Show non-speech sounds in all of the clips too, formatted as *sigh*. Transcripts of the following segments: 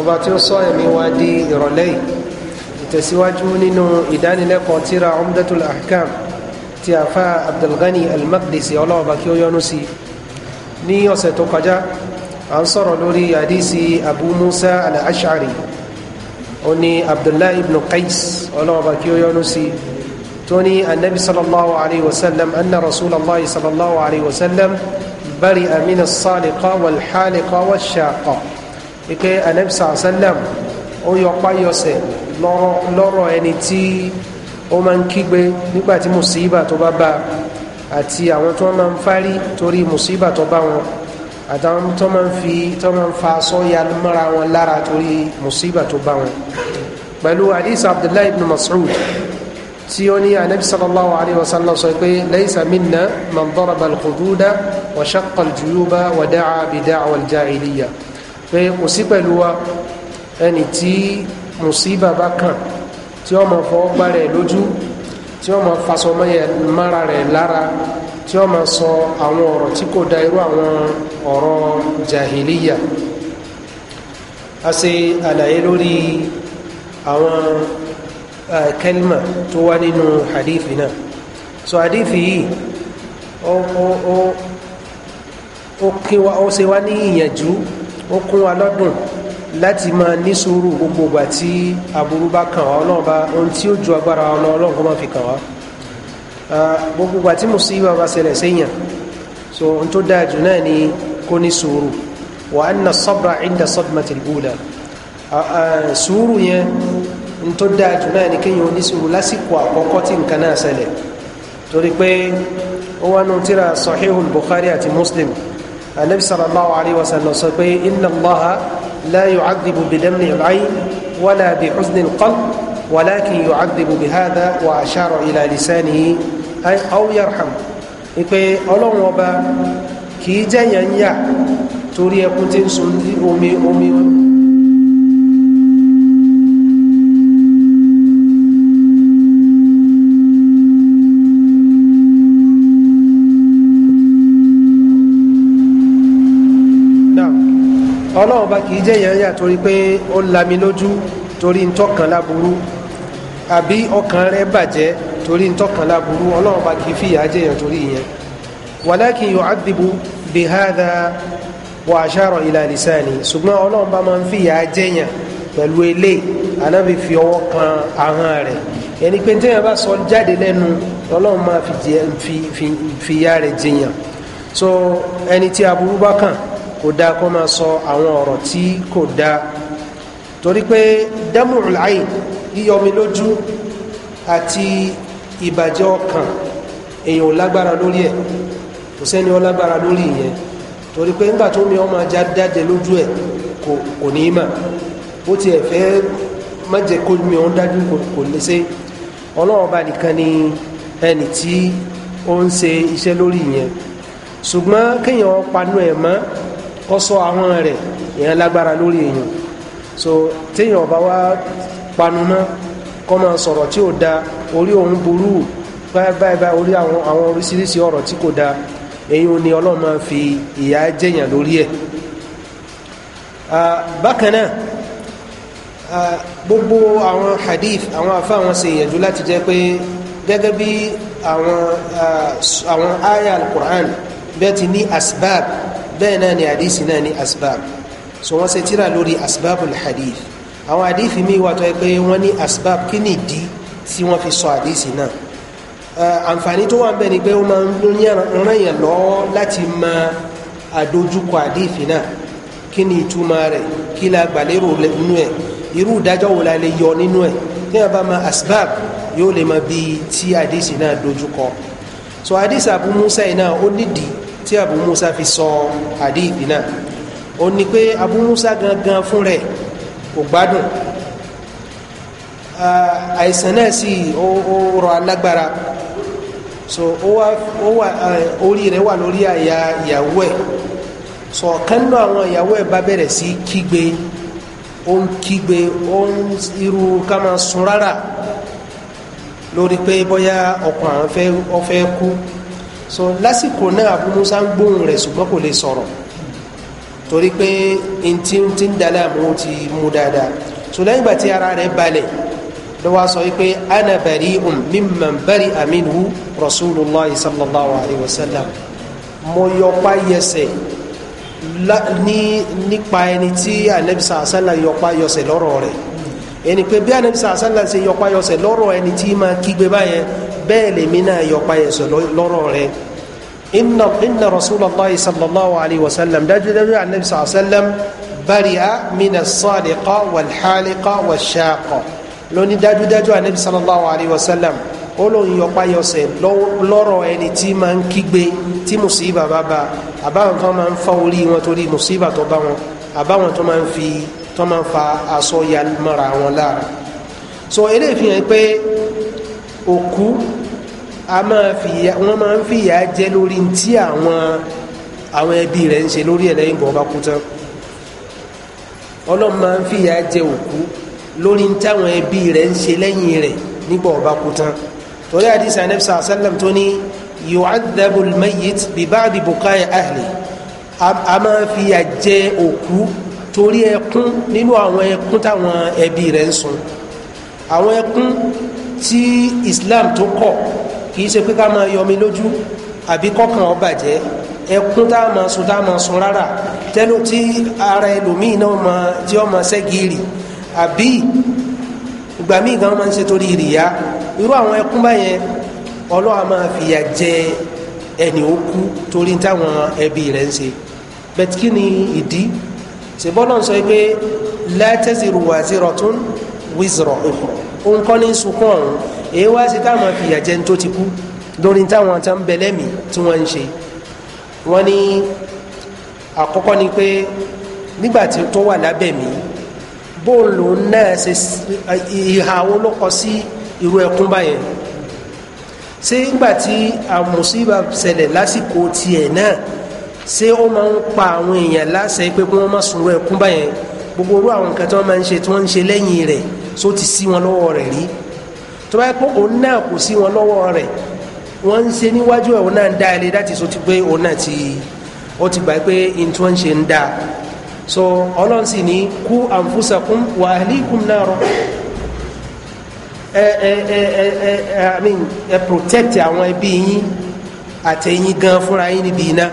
ọba tí ó sọ ẹ̀mí wa di ìrọ̀lẹ́ yìí ìtẹ̀síwájú nínú ìdánilẹ́kọ̀ọ́ tíra umdatul ahkam ti àfa abdulgani almakdisi ọlọ́ọ̀bá kí ó yọ́nú sí ní ọ̀sẹ̀ tó kọjá à ń sọ̀rọ̀ lórí àdísí abu musa al-ashari ó ní abdullahi ibn qais ọlọ́ọ̀bá kí ó yọ́nú sí tó ní annabi sallallahu alaihi wasallam anna rasulallah sallallahu alaihi wasallam bari amina saliqa wal haliqa wal shaqa ike anabisa asalam ó yọpá yọsẹ̀ lọ́rọ̀ ẹni tí ó máa ń kígbe nígbàtí mùsíbà tó bá bá àti àwọn tó máa ń fárí torí mùsíbà tó bá wọn àtàwọn tó máa ń fi tó máa ń fa aṣọ ya mọ́ra wọn lára torí mùsíbà tó bá wọn pẹ̀lú hadith abdullahi ibn mas'ud tí ó ní anabi sallallahu alayhi wa sallam sọ pé laysa minna man daraba wa shaqqa juyuba wa da'a bi da'wa al-jahiliya pé kò sí pẹ̀lú wa ẹni tí mùsíbà bá kàn tí ó máa fọwọ́ gbá rẹ̀ lójú tí ó máa fasọ mára rẹ̀ lára tí ó máa sọ àwọn ọ̀rọ̀ tí kò da irú àwọn ọ̀rọ̀ jahiliya a ṣe àlàyé lórí àwọn kẹlímà tó wá nínú hadithi náà so hadithi yìí ó ó ó ó ṣe wá ní ìyànjú ó kún wa lọ́dún láti máa ní sùúrù gbogbo ìgbà tí aburú bá kàn wá ọlọ́run bá ohun tí ó ju agbára ọlọ́run kó má fi kàn wá gbogbo ìgbà tí mùsíbà bá ṣẹlẹ̀ séèyàn so ohun tó dáa jù náà ni kó ní sùúrù wa anna sabra inda sadmatil ula sùúrù yẹn ohun tó dáa jù náà ni kéèyàn ó ní sùúrù lásìkò àkọ́kọ́ tí nǹkan náà ṣẹlẹ̀ torí pé ó wà nù tíra sahihul bukhari àti muslim anabi sallallahu alayhi wa sallam sọ pé inna allaha la yu'adhibu bi dam'i al-'ayn wala bi huzni al-qalb walakin yu'adhibu bi hadha wa ashara ila lisanihi aw yarham ipe ọlọ́run ọba kì í jẹ́yàn yà torí ẹkún tí ń sun omi omi ọlọ́run bá kì í jẹ́ yẹn yà torí pé ó lami lójú torí ntọ́kan láburú àbí ọkàn rẹ bàjẹ́ torí ntọ́kan láburú ọlọ́run bá kì í fìyà jẹ́ yẹn torí yẹn wàlákin yóò ádìbò bihada wa aṣáàrọ ilà lisani ṣùgbọ́n ọlọ́run bá máa ń fìyà jẹ́ yẹn pẹ̀lú ilé anábì fi ọwọ́ kan ahọ́n rẹ̀ ẹni pé téèyàn bá sọ jáde lẹ́nu ọlọ́run máa fi fìyà rẹ̀ jẹ́ yẹn so ẹni tí aburú bá kàn kò dáa kó máa sọ àwọn ọ̀rọ̀ tí kò dáa torí pé dámù láì yíyọmi lójú àti ìbàjẹ́ ọkàn èèyàn ò lágbára lórí ẹ̀ kò sẹ́ni ó lágbára lórí ìyẹn torí pé nígbà tó mi ọmọ ajá dájẹ lójú ẹ̀ kò ní í ó tiẹ̀ fẹ́ má kó mi ọ̀hún dájú kò lè ṣe ọlọ́run nìkan ni ẹnì tí ó ń ṣe iṣẹ́ lórí ìyẹn ṣùgbọ́n kéèyàn panú ẹ̀ mọ́ kọ́ sọ àwọn rẹ̀ èèyàn lágbára lórí èèyàn so téèyàn ọba wa panu mọ́ kọ́ máa sọ̀rọ̀ tí ò da orí òun burú báyìí báyìí orí àwọn oríṣiríṣi ọ̀rọ̀ tí kò da èyí ni ọlọ́run máa fi ìyà jẹ̀yàn lórí ẹ̀ bákan náà gbogbo àwọn hadith àwọn afa àwọn ṣe ìyẹ̀jú láti jẹ́ pé gẹ́gẹ́ bí àwọn àwọn aya bẹ́ẹ̀ ti ní asbab bẹ́ẹ̀ náà ni àdísì náà ní asbab so wọ́n ṣe tíra lórí asbab alhadith àwọn àdífì míì wà tó yẹ pé wọ́n ní asbab kí ni ìdí tí wọ́n fi sọ àdísì náà àǹfààní tó wà ń bẹ̀ ni pé ó máa ń ràn yàn lọ́wọ́ láti mọ àdójúkọ àdífì náà kí ni ìtumọ̀ rẹ̀ kí la gbàlérò nínú ẹ̀ irú ìdájọ́ wo la lè yọ nínú ẹ̀ tí wọ́n bá mọ asbab yóò lè mọ bí tí àdísì náà dojúkọ so àdísì Abu yìí náà ó nídìí tí abu musa fi sọ àdìdì náà ó ní pé abu musa gangan fún rẹ̀ kò gbádùn ah, àìsàn náà sì ó rọ alágbára so ó wá ó wá eh, orí rẹ̀ wà lórí àyà ìyàwó ẹ̀ so ọ̀kan náà àwọn ìyàwó ẹ̀ bá bẹ̀rẹ̀ sí kígbe ó ń kígbe ó ń irú ká máa sun rárá lórí pé bóyá ọkàn àwọn fẹ́ kú so lásìkò náà abu musa ń gbóhùn rẹ̀ ṣùgbọ́n kò lè sọ̀rọ̀ torí pé ntí ti ń dalẹ̀ àmọ́ ti mú dáadáa so lẹ́yìn ìgbà tí ara rẹ̀ balẹ̀ lọ́wọ́ sọ wípé ana bari'un mimman bari'a minhu rasulullah sallallahu alayhi wa sallam mo yọpa yẹsẹ̀ ní nípa ẹni tí anabisa asala yọpa yọsẹ̀ lọ́rọ̀ rẹ̀ ẹni pé bí anabisa asala ṣe yọpa yọsẹ̀ lọ́rọ̀ ẹni tí máa kígbe báyẹn bẹ́ẹ̀ lèmi náà yọpa ẹ̀sọ̀ lọ́rọ̀ rẹ inna inna rasulallah sallallahu alayhi wa sallam dájúdájú anabi sallallahu alayhi wa sallam bari'a mina sadiqa wal haliqa wal shaqa lóní dájúdájú anabi sallallahu alayhi wa sallam ó lóun yọpa yọsẹ lọ́rọ̀ ẹni tí máa ń kígbe tí musiba bá ba àbáwọn kan máa ń fa orí wọn torí musiba tó bá wọn àbáwọn tó máa ń fi tó máa ń fa aṣọ ya mọ́ra wọn lára so eléyìí fi hàn pé òkú wọ́n máa ń fìyà jẹ lórí tí àwọn àwọn ẹbí rẹ̀ ń ṣe lórí ẹ̀ lẹ́yìn bọ́ọ̀ bá kú tán ọlọ́run máa ń fìyà jẹ òkú lórí táwọn ẹbí rẹ̀ ń ṣe lẹ́yìn rẹ̀ nígbà ọba kú tán torí àdìsá anẹ́bísà sálẹ̀m tó ní yu'adhabu al-mayyit bi ba'di bukai ahli a máa fìyà jẹ òkú torí ẹkún nínú àwọn ẹkún táwọn ẹbí rẹ̀ ń sun àwọn ẹkún tí islam tó kọ̀ kì í ṣe pé ká máa yọmi lójú àbí kọ́kàn ó bàjẹ́ ẹkún tá a máa sun tá a máa sun rárá tẹnu tí ara ẹlòmíì náà máa tí ó máa ṣẹ́gìrì àbí ìgbà míì gan máa ń ṣe torí ìrìyà irú àwọn ẹkún báyẹn ọlọ́wà máa fìyà jẹ ẹni ó torí táwọn ẹbí rẹ̀ ń ṣe bẹ́ẹ̀ kí ni ìdí ṣèbọ́lọ́ sọ pé la taziru waziratun wizra ukhra òun kọ́ ní sunkún ọ̀hún èyí wá sí táwọn afìyà jẹ ní tó ti kú lórí táwọn tá ń bẹ lẹ́mìí tí wọ́n ń ṣe wọ́n ní àkọ́kọ́ ni pé nígbà tí tó wà lábẹ́ mi bóòlù náà ṣe ìhà olókọ sí irú ẹkún báyẹn ṣé nígbà tí àmùsíbà ṣẹlẹ̀ lásìkò tiẹ̀ náà ṣé ó máa ń pa àwọn èèyàn láṣẹ pé kí wọ́n má sun irú ẹkún báyẹn gbogbo orú àwọn nǹkan tí wọ́n máa ń ṣe tí wọ́n ń ṣe lẹ́yìn rẹ̀ so ti sí wọn lọ́wọ́ rẹ̀ rí tó bá yẹ pé òun náà kò sí wọn lọ́wọ́ rẹ̀ wọ́n ń ṣe níwájú ẹ̀ òun náà ń dá ilé láti so ti pé òun náà ti ó ti gbà pé n tí wọ́n ń ṣe ń dá so ọlọ́run sì ní kú anfusakum wa ahlikum naro ẹ ẹ ẹ ẹ ẹ i mean ẹ protect àwọn ẹbí yín àtẹ̀yìn gan fúnra yín níbi iná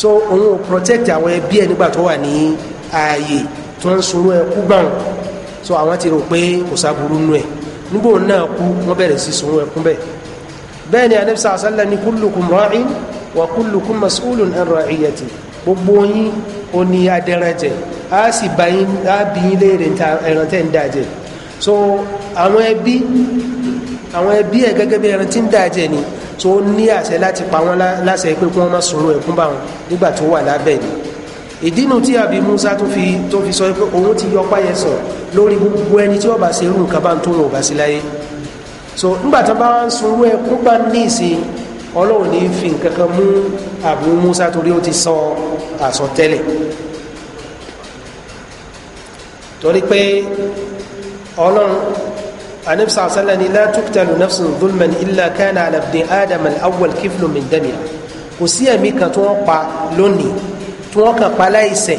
so òun ò protect àwọn ẹbí ẹ nígbà tó wà ní ààyè tó ń sunrú ẹkú gbàùn so àwọn ti rò pé kò sábúrú nù ẹ nígbò náà kú wọn bẹ̀rẹ̀ sí sun ẹkún bẹ́ẹ̀ bẹ́ẹ̀ ni anabisa asálẹ ni kullukum ra'in wa kullukum mas'ulun an ra'iyati gbogbo yín o ní adẹrẹjẹ a sì bá yín a bí yín léèrè ẹran tẹ ń dàjẹ so àwọn ẹbí àwọn ẹbí ẹ gẹ́gẹ́ bí ẹran tí ń dàjẹ ni tó ní àṣẹ láti pa wọn láṣẹ pé kí wọn má sun ẹkún bá wọn nígbà tó wà lábẹ́ ni ìdínú tí àbí musa tó fi tó fi sọ pé òun ti yọ páyẹ sọ lórí gbogbo ẹni tí ọba ṣe irú bá ń tó ọba sí láyé so nígbà tó bá ń sunrú ẹ kó bá ní ìsìn ọlọ́run ní fi nǹkan kan mú àbí musa torí ó ti sọ àsọtẹ́lẹ̀ torí pé ọlọ́run anabisa asala ni la tuktalu nafsun zulman illa kana ala ibn awwal kiflu min damiya kò sí ẹ̀mí kan tó wọ́n pa lónìí tí wọ́n kàn pa láìṣẹ̀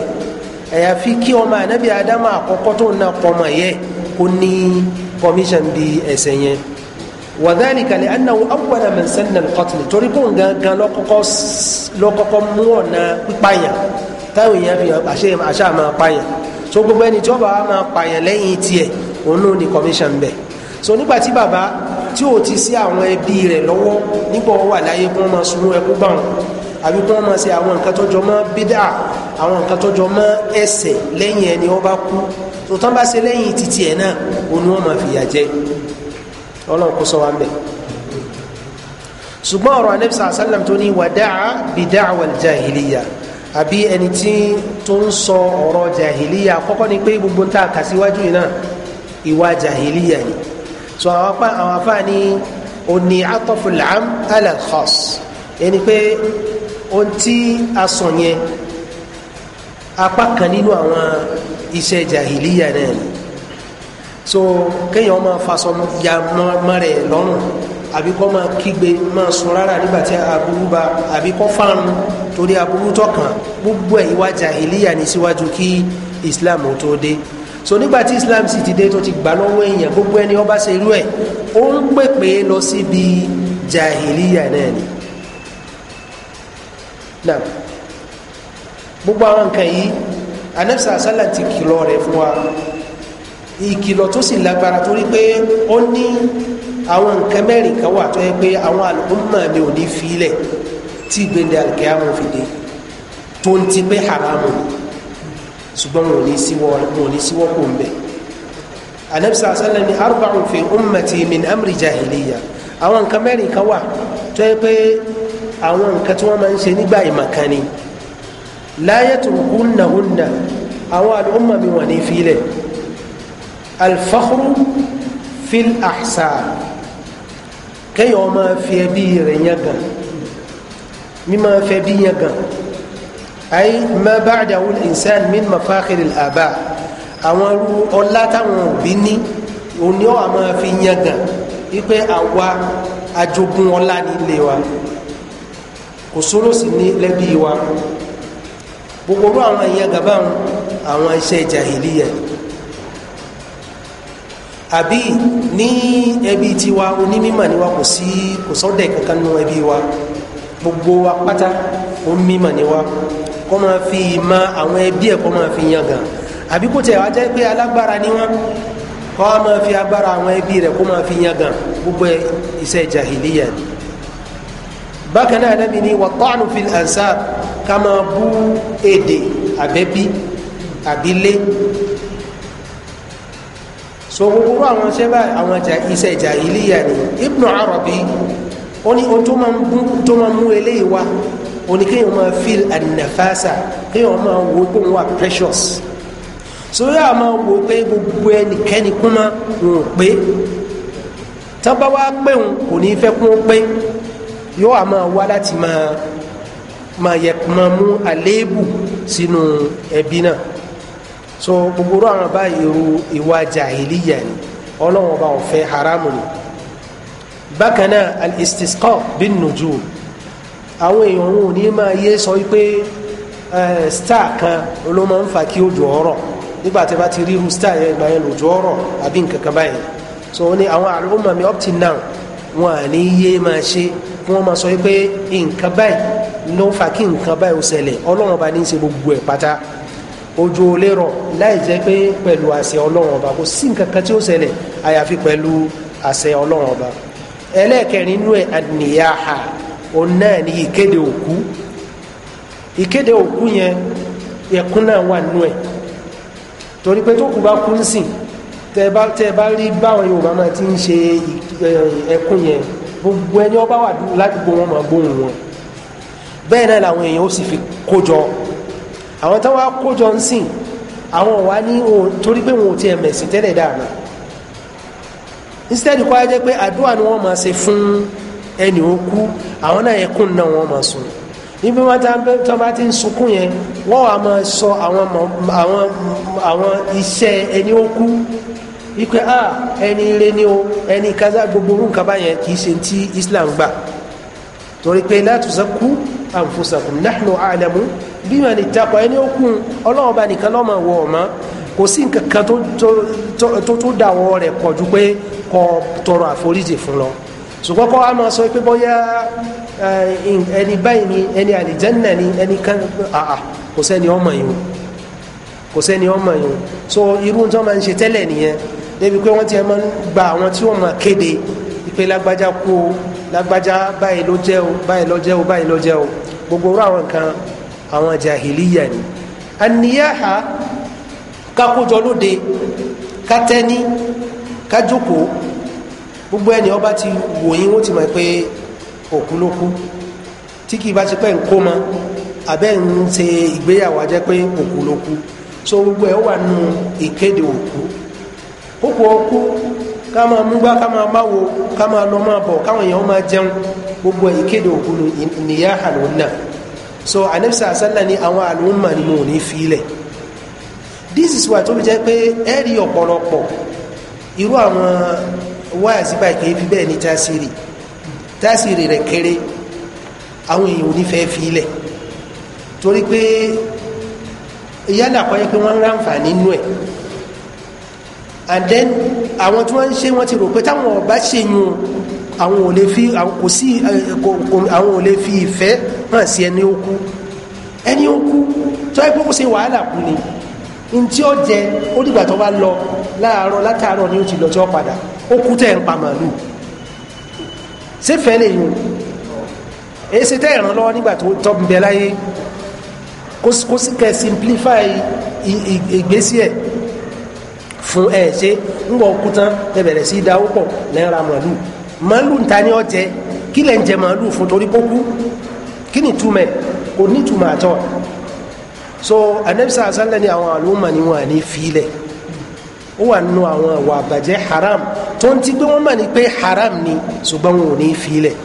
àyàfi kí ọmọ ànábì ádámù àkọ́kọ́ tó na pọmọ yẹ kó ní commission bí ẹ̀ṣẹ̀ yẹn wàdálìkà lè anáwó awọ́dà mẹ́sàn-án kọ́tìlì torí kó gangan lọ́kọ́kọ́ mú ọ̀nà pípààyàn táwọn èèyàn fi àṣà máa pààyàn so gbogbo ẹni tí wọ́n bá máa pààyàn lẹ́yìn tiẹ̀ òun ló ní commission bẹ̀ so nígbà tí bàbá tí ò ti sí àwọn ẹbí rẹ̀ lọ́wọ́ nígbà wọ́n wà láyé kó máa sunú ẹkú bá àbí kí wọ́n máa ṣe àwọn nǹkan tọ́jọ́ mọ́ bídà àwọn nǹkan tọ́jọ́ mọ́ ẹsẹ̀ lẹ́yìn ẹni wọ́n bá kú tó tán bá ṣe lẹ́yìn títí ẹ̀ náà òun ni wọ́n máa fìyà jẹ ọlọ́run kó sọ wa ń bẹ̀ ṣùgbọ́n ọ̀rọ̀ anẹ́bísà sálàm tó ní wàdáà bìdáà wà jàhìlìyà àbí ẹni tí tó ń sọ ọ̀rọ̀ jàhìlìyà kọ́kọ́ ni pé gbogbo ń ta àkàsíwájú yìí náà ìwà jàhìlìyà ni so àwọn apá àwọn afáàní òní atọ́fù làám alẹ́ khas ẹni pé ohun tí a sọ yẹn apá kan nínú àwọn iṣẹ́ jahiliya náà ni so kéèyàn máa faṣọ ya mọ́rẹ̀ lọ́rùn àbí kọ́ máa kígbe máa sun rárá nígbà tí aburú bá àbí kọ́ fáànù torí aburú tọkàn gbogbo ẹ̀ ìwà jahiliya ni síwájú kí islam ó tó dé so nígbà tí islam sì ti dé tó ti gbà lọ́wọ́ èèyàn gbogbo ẹni ó bá ṣe irú ẹ̀ ó ń pèpè lọ síbi jahiliya náà ni náà gbogbo àwọn nǹkan yìí anabisa asala ti kìlọ̀ rẹ̀ fún wa ìkìlọ̀ tó sì lágbára torí pé ó ní àwọn nǹkan mẹ́rin kan wà tó yẹ pé àwọn àlùmọ̀ mi ò ní filẹ̀ tí gbẹ̀ndẹ̀ àlùkẹ́ àwọn fi dé tó ń ti pé haramu ṣùgbọ́n wọn ò ní síwọ́ wọn ò ní síwọ́ kò ń bẹ̀ anabisa asala ni arba'un fi ummati min amri jahiliya àwọn nǹkan mẹ́rin kan wà tó yẹ pé àwọn nǹkan tí wọ́n máa ń ṣe nígbà ìmọ̀kan ni láyé turukunnahunna àwọn àlùmọ̀ mi wọ̀n ní filẹ̀ alfakhru fil ahsa kéèyàn ọmọ fi ẹbí rẹ̀ yẹn gan mímọ fẹ́ bí yẹn gan ayé má ba'dahu al-insan min mafakhir al-aba àwọn ọlá táwọn òbí ní òní ọ̀ fi yẹn gan àwa ajogun ọlá nílé wa. òṣòro sì ní lẹ́bí wa gbogbo orú àwọn ìyẹn gàbá àwọn iṣẹ́ jàhìlíyà àbí ní ẹbí tiwa onímọ̀ ni wa kò sí kò sọ́dẹ̀ kankan nínú ẹbí wa gbogbo wa pátá onímọ̀ ni wa kọ́ máa fi ma àwọn ẹbí ẹ̀ kọ́ máa fi yan gan àbí kò tẹ̀ wá jẹ́ pé alágbára ni wọ́n kọ́ máa fi agbára àwọn ẹbí rẹ̀ kó máa fi yan gan gbogbo iṣẹ́ jàhìlíyà ni. bákan náà nàbí ni wà tọ́nù fi ansab ká máa bú èdè àbẹ́bí àbílé so gbogbo àwọn iṣẹ́ báyìí àwọn iṣẹ́ jahiliya ni Ibn Arabi ó ní ohun tó máa mú eléyìí wá ó ní kéèyàn máa feel an kéèyàn máa wo pé òun wà precious so yóò máa wo pé gbogbo ẹnikẹ́ni kún mọ́ òun pé tán bá pé òun kò ní fẹ́ kún pé yóò a máa wá láti máa máa yẹ máa mú àléébù sínú ẹbí náà so gbogbo àwọn bá irú ìwà jàhílíyà ni ọlọ́run ọba ọ̀fẹ́ haramu ni bákan náà al-istisqa bin nujum àwọn èèyàn òun ò ní máa yé sọ wípé star kan ló máa ń fa kí òjò ọrọ̀ nígbà tí a bá ti rí star yẹn ìgbà yẹn lòjò ọrọ̀ àbí nǹkan kan báyìí so ní àwọn àlùmọ̀ mi up till now wọn à ní yé máa ṣe kí wọ́n máa sọ pé nǹkan báyìí ló ń fa kí nǹkan báyìí ó ṣẹlẹ̀ ọlọ́run ọba ní í ṣe gbogbo ẹ̀ pátá ojú olè rọ̀ láì jẹ́ pé pẹ̀lú àṣẹ ọlọ́run ọba kò sí nǹkan kan tí ó ṣẹlẹ̀ àyàfi pẹ̀lú àṣẹ ọlọ́run ọba ẹlẹ́ẹ̀kẹrin inú ẹ̀ àníyàhà òun náà ní ìkéde òkú ìkéde òkú yẹn ẹ̀kún náà wà nínú ẹ̀ torí pé tó kù bá kú ń sìn tẹ bá rí báwọn yorùbá máa ti ń ṣe ẹ̀kún yẹn gbogbo ẹni ọba wà ládùúgbò wọn máa gbóhùn wọn bẹ́ẹ̀ náà làwọn èèyàn ó sì fi kójọ àwọn táwọn akójọ ń sìn àwọn wà ní torí pé wọn ò tiẹ̀ mẹ̀sìn tẹ́lẹ̀ dáàmú instead kọ́ ajẹ́ pé àdúrà ni wọ́n máa ṣe fún ẹni ó kú àwọn náà ẹkún náà wọ́n máa sùn níbi wọn tó bá ti ń sunkún yẹn wọ́n wà máa sọ àwọn iṣẹ́ ẹni ó kú wípé a ah, ẹni ire ni o ẹni kaza gbogbo orú nǹkan báyẹn kì í ṣe ti islam gbà torí pé la tuzakku anfusakum nahnu a'lamu biman ittaqa ẹni ó kún ọlọ́run bá nìkan lọ́mọ wọ̀ ọ̀mọ́ kò sí nǹkan kan tó tó dàwọ́ rẹ̀ kọjú pé kó tọrọ àforíjì fún lọ ṣùgbọ́n kọ́ a máa sọ pé bóyá eh, ẹni báyìí ni ẹni àlìjẹ́nà ni ẹni kan àà kò sẹ́ni ọmọ yìí kò sẹ́ni ọmọ yìí so irú tó máa ń ṣe tẹ́lẹ̀ nìyẹn débi pé wọ́n ti máa ń gba àwọn tí wọ́n máa kéde ìpè lágbájá kú o lágbájá báyìí ló jẹ́ o báyìí ló jẹ́ o báyìí ló jẹ́ o gbogbo orú àwọn nǹkan àwọn jahiliya ni àníyáha kakójọ lóde kátẹ́ni kájókòó gbogbo ẹni ọba ti wò yín wọ́n ti mọ̀ pé òkú ló kú tí kì í bá ti pẹ́ ń kó mọ abẹ́ ń ṣe ìgbéyàwó ajẹ́ pé òkú ló kú so gbogbo ẹ̀ wà nù ìkéde òkú kókò ọkú ká máa múgbá ká máa máwo ká máa lọ máa bọ̀ káwọn èèyàn máa jẹun gbogbo ẹ̀ ìkéde òkú nìyá àlùmọ́nà so anabisa asala ni àwọn àlùmọ́ ni mo ò ní fi ilẹ̀ this is why tó fi jẹ́ pé ẹ rí ọ̀pọ̀lọpọ̀ irú àwọn wáyàsí báyìí kì í fi bẹ́ẹ̀ ní tásìrì tásìrì rẹ̀ kéré àwọn èèyàn ò ní fẹ́ fi ilẹ̀ torí pé yálà kọ́ yẹ pé wọ́n ń ráǹfà nínú ẹ̀ and then àwọn tí wọ́n ń ṣe wọ́n ti rò pé táwọn ọba ṣe yun àwọn ò lè fi kò sí àwọn ò lè fi ìfẹ́ hàn sí ẹni ó kú ẹni ó kú tó ẹ pé kó ṣe wàhálà kú ni ntí ó jẹ ó dìgbà tó bá lọ láàárọ̀ látàárọ̀ ni ó ti lọ tí ó padà ó kú tẹ̀ ń pa màálù ṣé fẹ́ lè yun èyí ṣe tẹ́ ìrànlọ́ nígbà tó tọ́ bẹ láyé kó sì kẹ́ simplify ìgbésí ẹ̀ fún ẹ ṣe ń bọ̀ kú tán ẹ bẹ̀rẹ̀ sí í da ó pọ̀ lẹ́ra màálù màálù ń ta ní ọ̀jẹ̀ kí lẹ́ ń jẹ màálù fún torí kó kú kí ni túmẹ̀ kò ní túmọ̀ àtọ̀ so anabisa asálẹ̀ ni àwọn àlùmọ̀ ni wọn ní filẹ̀ ó wà nù àwọn àwọ̀ àbàjẹ́ haram tó ń ti pé wọ́n mà ní pé haram ni ṣùgbọ́n wọn ò ní filẹ̀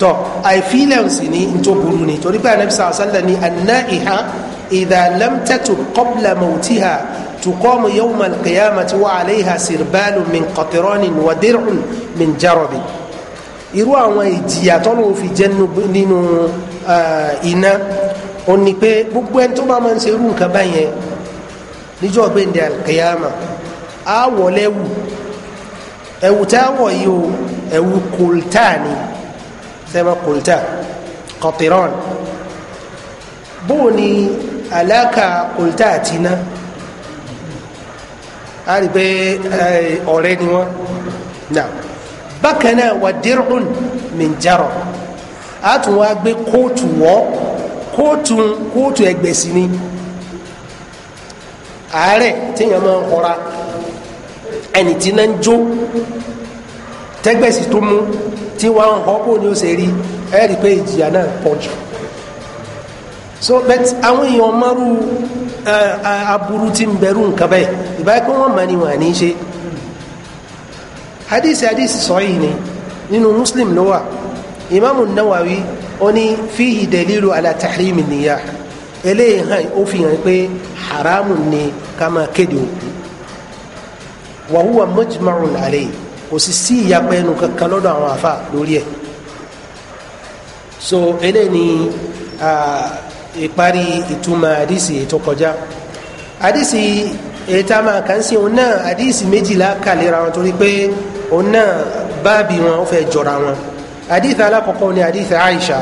tọ àìfilẹ̀ sì ni ń ni torí pé anabisa asálẹ̀ ni anna ìhà ìdá lam tatub qabla تقام يوم القيامة وعليها سربال من قطران ودرع من جرب irú àwọn ìjìyà tọ́lọ́ fi jẹ́ nínú iná ó ní pé gbogbo ẹni tó bá máa ń ṣe irú nǹkan báyẹn níjọ́ gbẹ̀ndẹ̀ alkiyama á wọ̀ lẹ́wù ẹ̀wù tá a wọ̀ yìí o ẹ̀wù kòlítà ni sẹ́mọ́ kòlítà kọ̀tìrán bóò ni àlàkà kòlítà àti iná a rí pé eh, ọ̀rẹ́ ni wọ́n nà bákan náà wà dirhun min jarab a tún wá gbé kóòtù wọ́ kóòtù kóòtù ẹgbẹ̀sì ni àárẹ̀ téèyàn máa ń kọra ẹni tí náà ń jó tẹ́gbẹ̀sì tó mú tí wọ́n ń họ́ kó ni ó ṣe rí ẹ rí pé ìjìyà náà pọ̀ jù so bẹ́ẹ̀ àwọn èèyàn márùn-ún aburú ti ń bẹ̀rù nǹkan bẹ́ẹ̀ ìbáyé pé wọ́n mọ̀ ni wọ́n à ní ṣe hadith hadith sọ́yìn ni nínú muslim ló wà imaamu nawawi ó ní fíhì dalilu ala tahrimi nìyà eléyìí hàn ó fi hàn pé haramu ni ká kéde òkú wa huwa mujma'un kò sì sí ìyapẹ́ ẹnu kankan lọ́dọ̀ àwọn afa lórí ẹ̀ so eléyìí ni. Uh, ìparí ìtumọ̀ àdìsí ètò kọjá àdìsí ètò àmàkànsí òun náà àdìsí méjìlá kàlera wọn torí pé òun náà báàbí wọn ó fẹ́ jọra wọn àdìsí alákọ̀ọ́kọ́ ni àdìsí Aisha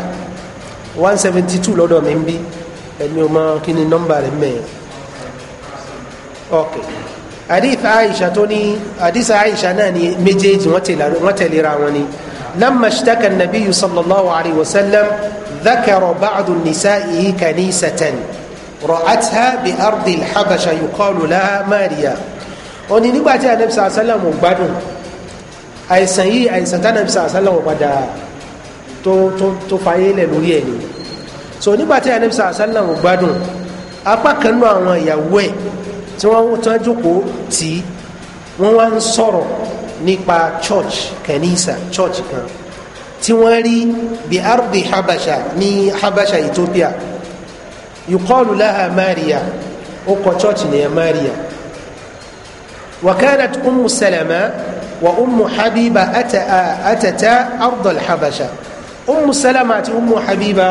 one seventy two lọ́dọ̀ mi ń bí ẹni o máa kí ni nọ́mbà rẹ̀ mẹ́ẹ̀ ok àdìsí Aisha tó ní àdìsí Aisha náà ni méjèèjì wọ́n tẹ̀lera wọn ni lamma shtaka nabiyu sallallahu alayhi wa sallam. ذكر بعض النساء كنيسة رأتها بأرض الحبشة يقال لها ماريا ó ní nígbà tí anabi sàlá sàlám ò gbádùn àìsàn yìí àìsàn tí anabi sàlá sàlám ò padà tó tó tó fàyè lẹ lórí ẹ ni so nígbà tí anabi sàlá sàlám ò apá kan náà àwọn ìyàwó ẹ tí wọn tí wọn jókòó tì wọn wá ń sọ̀rọ̀ nípa church kẹnísà church kan tí wọ́n rí bí ardi habasha ní habasha ethiopia yukọ́lù láha maria ó kọ chọ́ọ̀chì ní maria wakanat umu salama wa umu habiba atata ardal habasha umu salama àti umu habiba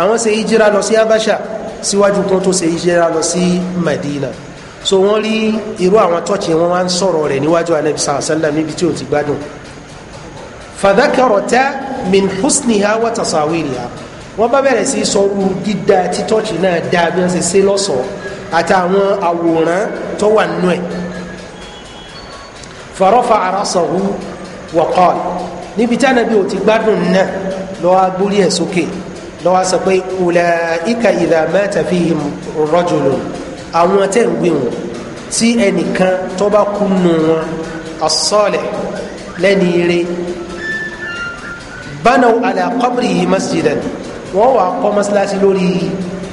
àwọn ṣe hijira lọ sí habasha síwájú kan tó ṣe hijira lọ sí madina so wọ́n rí irú àwọn chọ́ọ̀chì wọn wá ń sọ̀rọ̀ rẹ̀ níwájú anabi sallam níbi tí ò ti gbádùn fàdákàrọ̀tà من حسنها wa tasawiriha wọ́n bá bẹ̀rẹ̀ sí sọ ru dídá tí tọ́ọ̀chì náà dá bí wọ́n ṣe ṣe lọ́sọ̀ọ́ àtàwọn àwòrán tó wà nínú ẹ̀ farafa arasahu wa qala níbi tí anabi ò ti gbádùn náà lọ́wọ́ agbórí ẹ̀ sókè lọ́wọ́ sọ pé ulaika idha mata fihim rajulun àwọn tẹ̀ ń gbé wọn tí ẹnìkan tó bá kú nù wọn as lẹ́ni eré banaw ala qabrihi masjidan wọ́n wà kọ́ mọ́sálásí lórí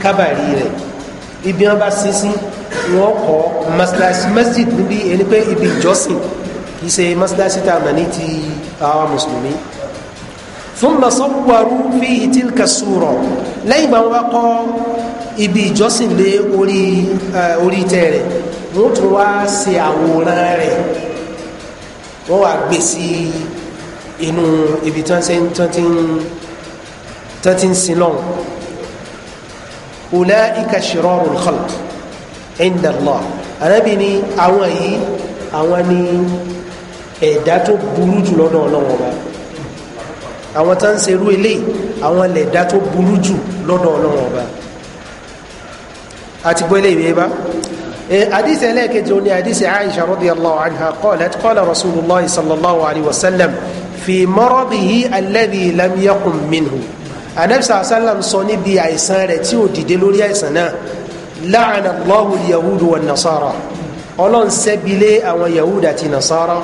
kábàrí rẹ̀ ibi wọn bá sínsín wọ́n kọ́ mọ́sálásí masjid níbi ẹni pé ibi ìjọsìn kìí ṣe mọ́sálásí tá a mọ̀ ní ti àwọn mùsùlùmí thumma sawwaru fihi tilka sura lẹ́yìn ìgbà wọn bá kọ́ ibi ìjọsìn lé orí orí tẹ́ rẹ̀ wọ́n tún wá ṣe àwòrán rẹ̀ wọ́n wá inú ibi tán ti ń sin lọ́wọ́ ulaika shirarul khalq inda Allah Ànábì ní àwọn yìí àwọn ni ẹ̀dá tó burú jù lọ́dọ̀ Ọlọ́run Ọba àwọn tán ń serú eléyìí àwọn ẹ̀dá tó burú jù lọ́dọ̀ Ọlọ́run Ọba àti gbọ́ eléyìí bá حديث لك جوني حديث عائشة رضي الله عنها قالت قال رسول الله صلى الله عليه وسلم fi maradihi alladhi lam yakun minhu anabisa asalam sọ níbi àìsàn rẹ̀ tí ò dìde lórí àìsàn náà la'ana Allahu yahudu wa nasara ọlọ́run sẹ́bilé àwọn yahudu àti nasara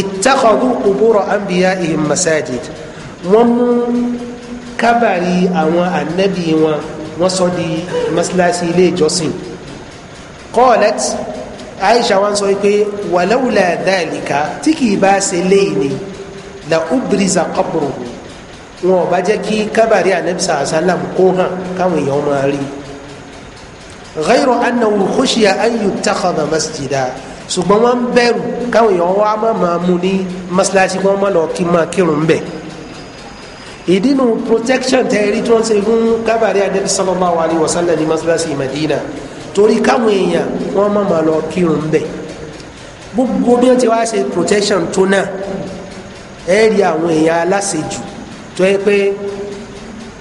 ittakhadhu qubura anbiya'ihim masajid wọ́n mú kábàrí àwọn ànábì wọn wọ́n sọ di masilasi ilé ìjọsìn qalat Aisha wọn sọ pé walawla dhalika tí kì í bá ṣe ni la ubriza qabru wọn ò bá jẹ́ kí kábàárì anabi sàlá sàlám kó hàn káwọn èèyàn máa rí ghayru annahu khushiya an yuttakhadha masjida ṣùgbọ́n wọ́n ń bẹ̀rù káwọn èèyàn wá má máa mú ní masalasi kí má lọ kí máa kírun bẹ̀ ìdí protection tẹ̀rí tí wọ́n ṣe fún kábàárì anabi sallallahu alayhi wa sallam ní masalasi madina torí káwọn èèyàn wọ́n má máa lọ kírun bẹ̀ gbogbo bí wọ́n ti wá ṣe protection tó náà ẹ rí àwọn èèyàn aláṣejù tó yẹ pé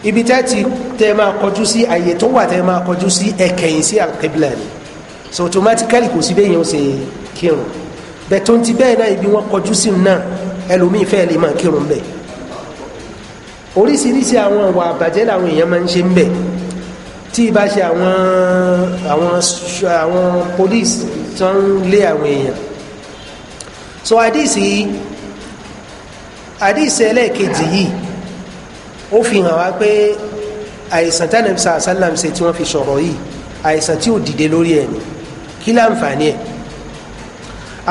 ibi tẹ́ ti tẹ́ máa kọjú sí àyè tó wà tẹ́ máa kọjú sí ẹ̀kẹ́yìn sí àkẹ́bílà ni so automatically kò sí bẹ́ẹ̀ yẹn ó ṣe kírun bẹ́ẹ̀ tó ń ti bẹ́ẹ̀ náà ibi wọ́n kọjú sí náà ẹlòmíì fẹ́ẹ́ lè máa kírun bẹ́ẹ̀ oríṣiríṣi àwọn ìwà àbàjẹ́ làwọn èèyàn máa ń ṣe ń bẹ̀ tí ì bá ṣe àwọn àwọn àwọn police tó ń lé àwọn èèyàn so àdìsí àdìsí ẹlẹ́ẹ̀kejì yìí ó fi hàn wá pé àìsàn tánàbí sàásálàm ṣe tí wọ́n fi sọ̀rọ̀ yìí àìsàn tí ò dìde lórí ẹ̀ ni kí láǹfààní ẹ̀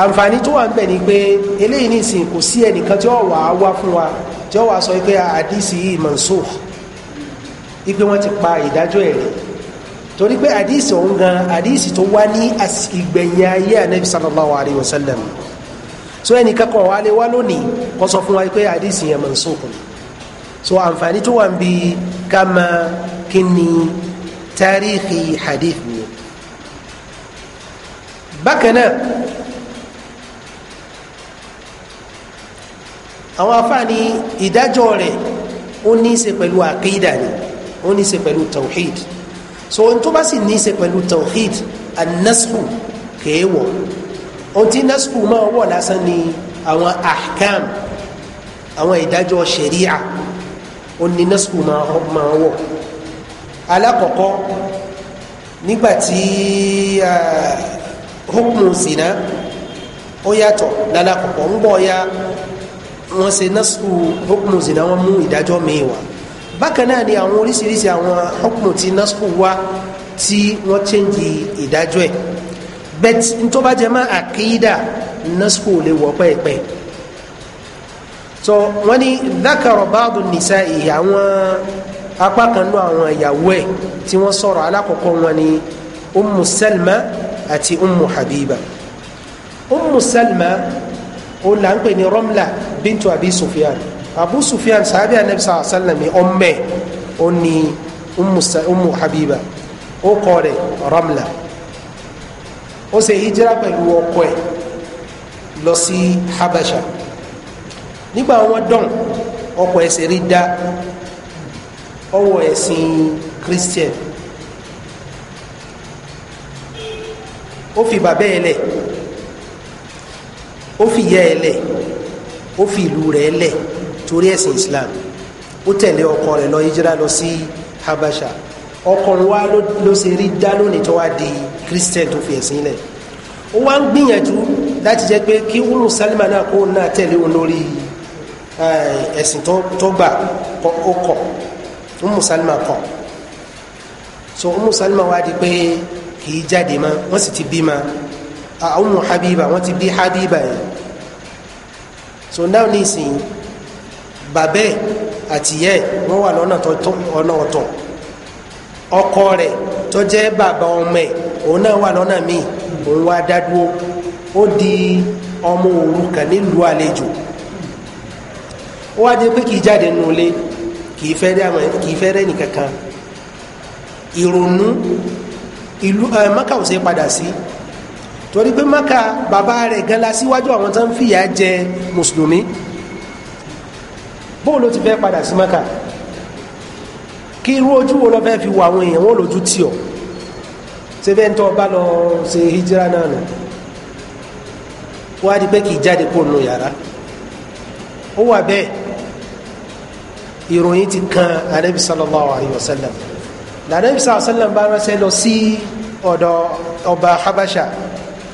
àǹfààní tó wà ń bẹ̀ ni pé eléyìí nìsín kò sí ẹnìkan tí ó wà á wá fún wa tí ó wà sọ pé àdìsí yìí mansukh ipe wọ́n ti pa ìdájọ́ ẹ̀ rẹ̀ torí pé àdìsí ọ̀hún gan àdìsí tó wá ní ìgbẹ̀yìn ayé ànábi sallallahu alayhi wa so ẹnìkan kan wà lè wá lónìí kó sọ fún wa pé àdìsí yẹn mansukun so àǹfààní tó wà ń bi ká máa kí ni tàríkì hadith mi bákan náà àwọn afáàní ìdájọ́ rẹ̀ ó ní í ṣe pẹ̀lú àkídà ni ó ní í ṣe pẹ̀lú tawhid so ohun tó bá sì ní í ṣe pẹ̀lú tawhid anasru kèéwọ̀ ohun tí nasuku máa wọ̀ lásán ni àwọn ahkam àwọn ìdájọ́ ṣẹ̀ríà ohun ni nasuku máa wọ̀ alákọ̀ọ́kọ́ nígbà tí hukmu zina ó yàtọ̀ lálákọ̀ọ́kọ́ ń bọ̀ ya wọ́n ṣe nasuku hukmu zina wọ́n mú ìdájọ́ mi wá bákan náà ni àwọn oríṣiríṣi àwọn hukmu ti nasuku wá tí wọ́n chẹ́ǹgì ìdájọ́ ẹ̀ bẹ́t tó bá jẹ́ mọ́ àkídà nasco lè so wọ́n ní dákàrọ̀ báàdù nìsa ìyá àwọn apá kan nú àwọn ìyàwó ẹ̀ tí wọ́n sọ̀rọ̀ alákọ̀ọ́kọ́ wọn ni ummu salma àti ummu habiba ummu salma ó là ń pè ní romla bintu abi sufyan abu sufyan sahabi anabi sa sallam ni ọmọ ẹ̀ ó ní ummu habiba ó kọ́ rẹ̀ romla. ó se hijira pẹ̀lú ọkọ ẹ̀ lọ sí habasha nígbà wọn dán ọkọ ẹ̀ ṣe rí dá ọwọ́ ẹ̀sìn christian ó fi bàbá le, lẹ̀ ó fi ìyá ẹ̀ lẹ̀ ó fi ìlú rẹ̀ lẹ̀ torí ẹ̀sìn islam ó tẹ̀lé ọkọ rẹ̀ lọ hijira lọ sí habasha. ọkùnrin wa ló ṣe rí dá lónìí tó wá di christian tó fi ẹ̀sìn lẹ̀ ó wá ń gbìyànjú láti jẹ́ pé kí umu salima náà kó náà tẹ̀lé òun lórí eh, ẹ̀sìn tó gbà ó kọ̀ umu salima kọ̀ so umu salima wá di pé kì í jáde mọ́ wọ́n sì ti bí ma umu habiba wọ́n ti bí habiba yẹn so now nísìnyí bàbẹ́ àtìyẹ́ wọ́n wà lọ́nà ọ̀tọ̀ ọkọ rẹ, tó jẹ́ bàbá ọmọ ẹ̀ òun náà wà lọ́nà míì òun wá dádúró ó di ọmọ òrukàn nílùú àlejò ó wá pé kì í jáde nínú kì í fẹ́ rẹ́ nìkankan ìrònú ìlú ẹ maka ò ṣe padà sí torí pé maka bàbá gan la fìyà jẹ mùsùlùmí bóun ló ti fẹ́ maka. kí irú ojú wo lọ fẹ́ fi wo àwọn èèyàn wọn lójú tì ọ́ ṣé bẹ́ẹ̀ ń tọ́ bá lọ ṣe hijira náà nù wọ́n di pé kì í jáde kó nu yàrá ó wà bẹ́ẹ̀ ìròyìn ti kan anabi sallallahu alayhi wa sallam lànàbi sallallahu alayhi wa sallam bá ránṣẹ́ lọ sí ọ̀dọ̀ ọba habasha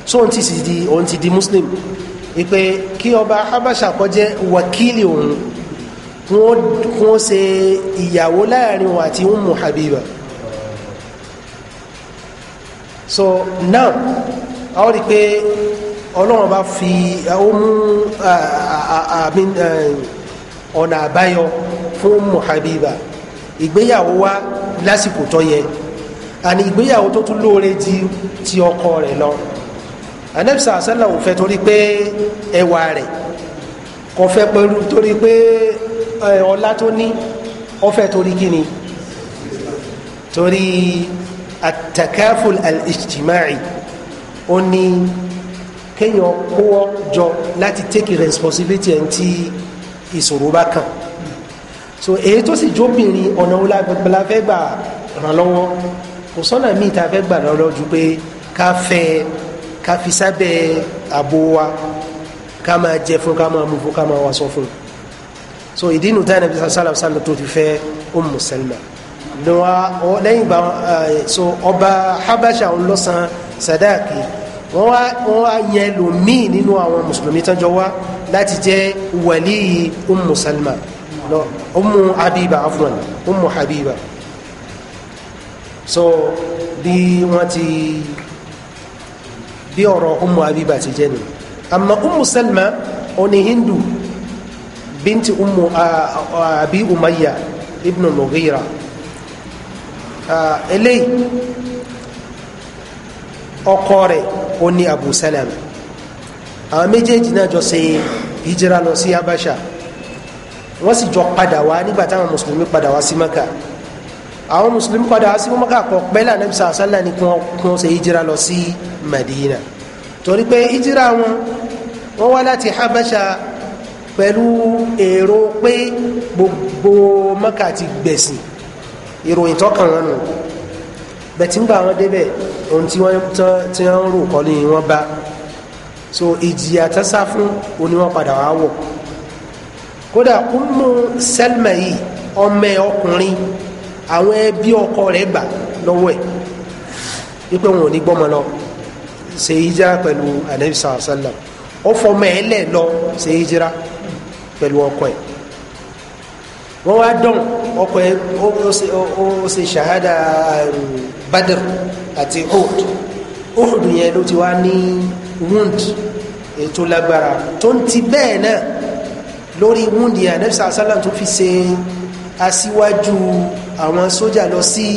so òun ti sì di òun ti di muslim ìpè kí ọba habasha kó jẹ́ òun wọ́n ṣe ìyàwó láàrin wọn àti Ummu Habiba so now a ó rí i pé ọlọ́run bá fi ó mú eh, ọ̀nà àbáyọ fún Ummu Habiba ìgbéyàwó wa lásìkò tó yẹ àní ìgbéyàwó tó tún lóore di ti ọkọ rẹ̀ lọ anabisa asala ò torí pé ẹwà rẹ̀ kò pẹ̀lú torí pé Eh, ọlá tó ní ọfẹ́ torí kíni torí at-takaful al-ijtima'i ó ní kéèyàn kówọ́ jọ láti take responsibility ẹ̀ tí ìṣòro bá kàn so èyí tó sì jóbìnrin ọ̀nà wo la fẹ́ gbà ràn lọ́wọ́ kò sọ́nà míì tá a fẹ́ gbà lọ́wọ́ ju pé ká fẹ́ ká fi sábẹ́ àbò wa ká máa jẹ fún ká máa mú fún ká máa wá sọ fún un so ìdí inú táyà nàbí sàlám sàlám tó ti fẹ́ Ummu Salma lẹ́yìn ìgbà so ọba habasha ń lọ san sadaki wọ́n wá wọ́n wá yẹn lòmíì nínú àwọn mùsùlùmí tán jọ wá láti jẹ́ wàlíì Ummu Salma lọ Ummu Habiba afwan Ummu Habiba so bí wọ́n ti bí ọ̀rọ̀ Ummu Habiba ti jẹ́ nìyẹn àmọ́ Ummu Salma oní hindu بنت أم أبي أمية ابن المغيرة إلي أقاري أني أبو ní Abu Salama àwọn méjèèjì náà jọ ṣe hijira lọ sí Habasha wọ́n sì jọ padà wá nígbà táwọn mùsùlùmí padà wá sí Maka àwọn mùsùlùmí padà wá sí Maka kọ pẹ́lá Nabi sàásálà ni kí wọ́n ṣe hijira lọ sí Madina torí pé hijira wọn wọ́n wá láti Habasha. pẹ̀lú èrò pé gbogbo mọ́kà ti gbẹ̀sìn ìròyìn tọ́kàn wọn nù bẹ̀tí ń gbà wọn débẹ̀ ohun tí wọ́n ń rò kọ́ so ìjìyà tó sá fún oníwọ̀n padà wá wọ̀ kódà Ummu Salma yìí ọmọ ọkùnrin àwọn ẹbí ọkọ rẹ̀ gbà lọ́wọ́ ẹ̀ wípé wọn ò hijira pẹ̀lú ó fọmọ ẹ lọ hijira. pẹ̀lú ọkọ ẹ̀ wọ́n wá dán ọkọ ẹ̀ ó ṣe ṣahada badr àti uhud uhud yẹn ló ti wá ní wound ètò lágbára tó ń ti bẹ́ẹ̀ náà lórí wound yẹn anabi sàlá sàlám tó fi ṣe aṣíwájú àwọn sójà lọ sí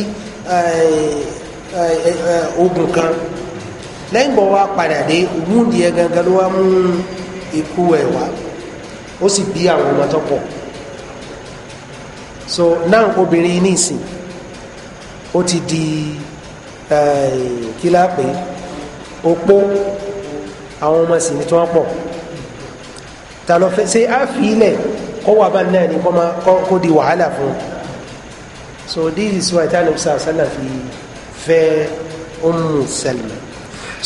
ogun kan lẹ́yìn bọ̀ wá padà dé wound yẹn gangan ló wá mú ikú ẹ̀ wá ó sì bí àwọn ọmọ tó pọ̀ so now obìnrin ní ìsìn ó ti di eh, kí lápè opó àwọn ọmọ sì ní tí wọ́n pọ̀ ta ló fẹ́ ṣe á fi ilẹ̀ kó wà bá náà ní kó di wàhálà fún so this is why tí a lè sọ àṣálà fi fẹ́ Ummu Salma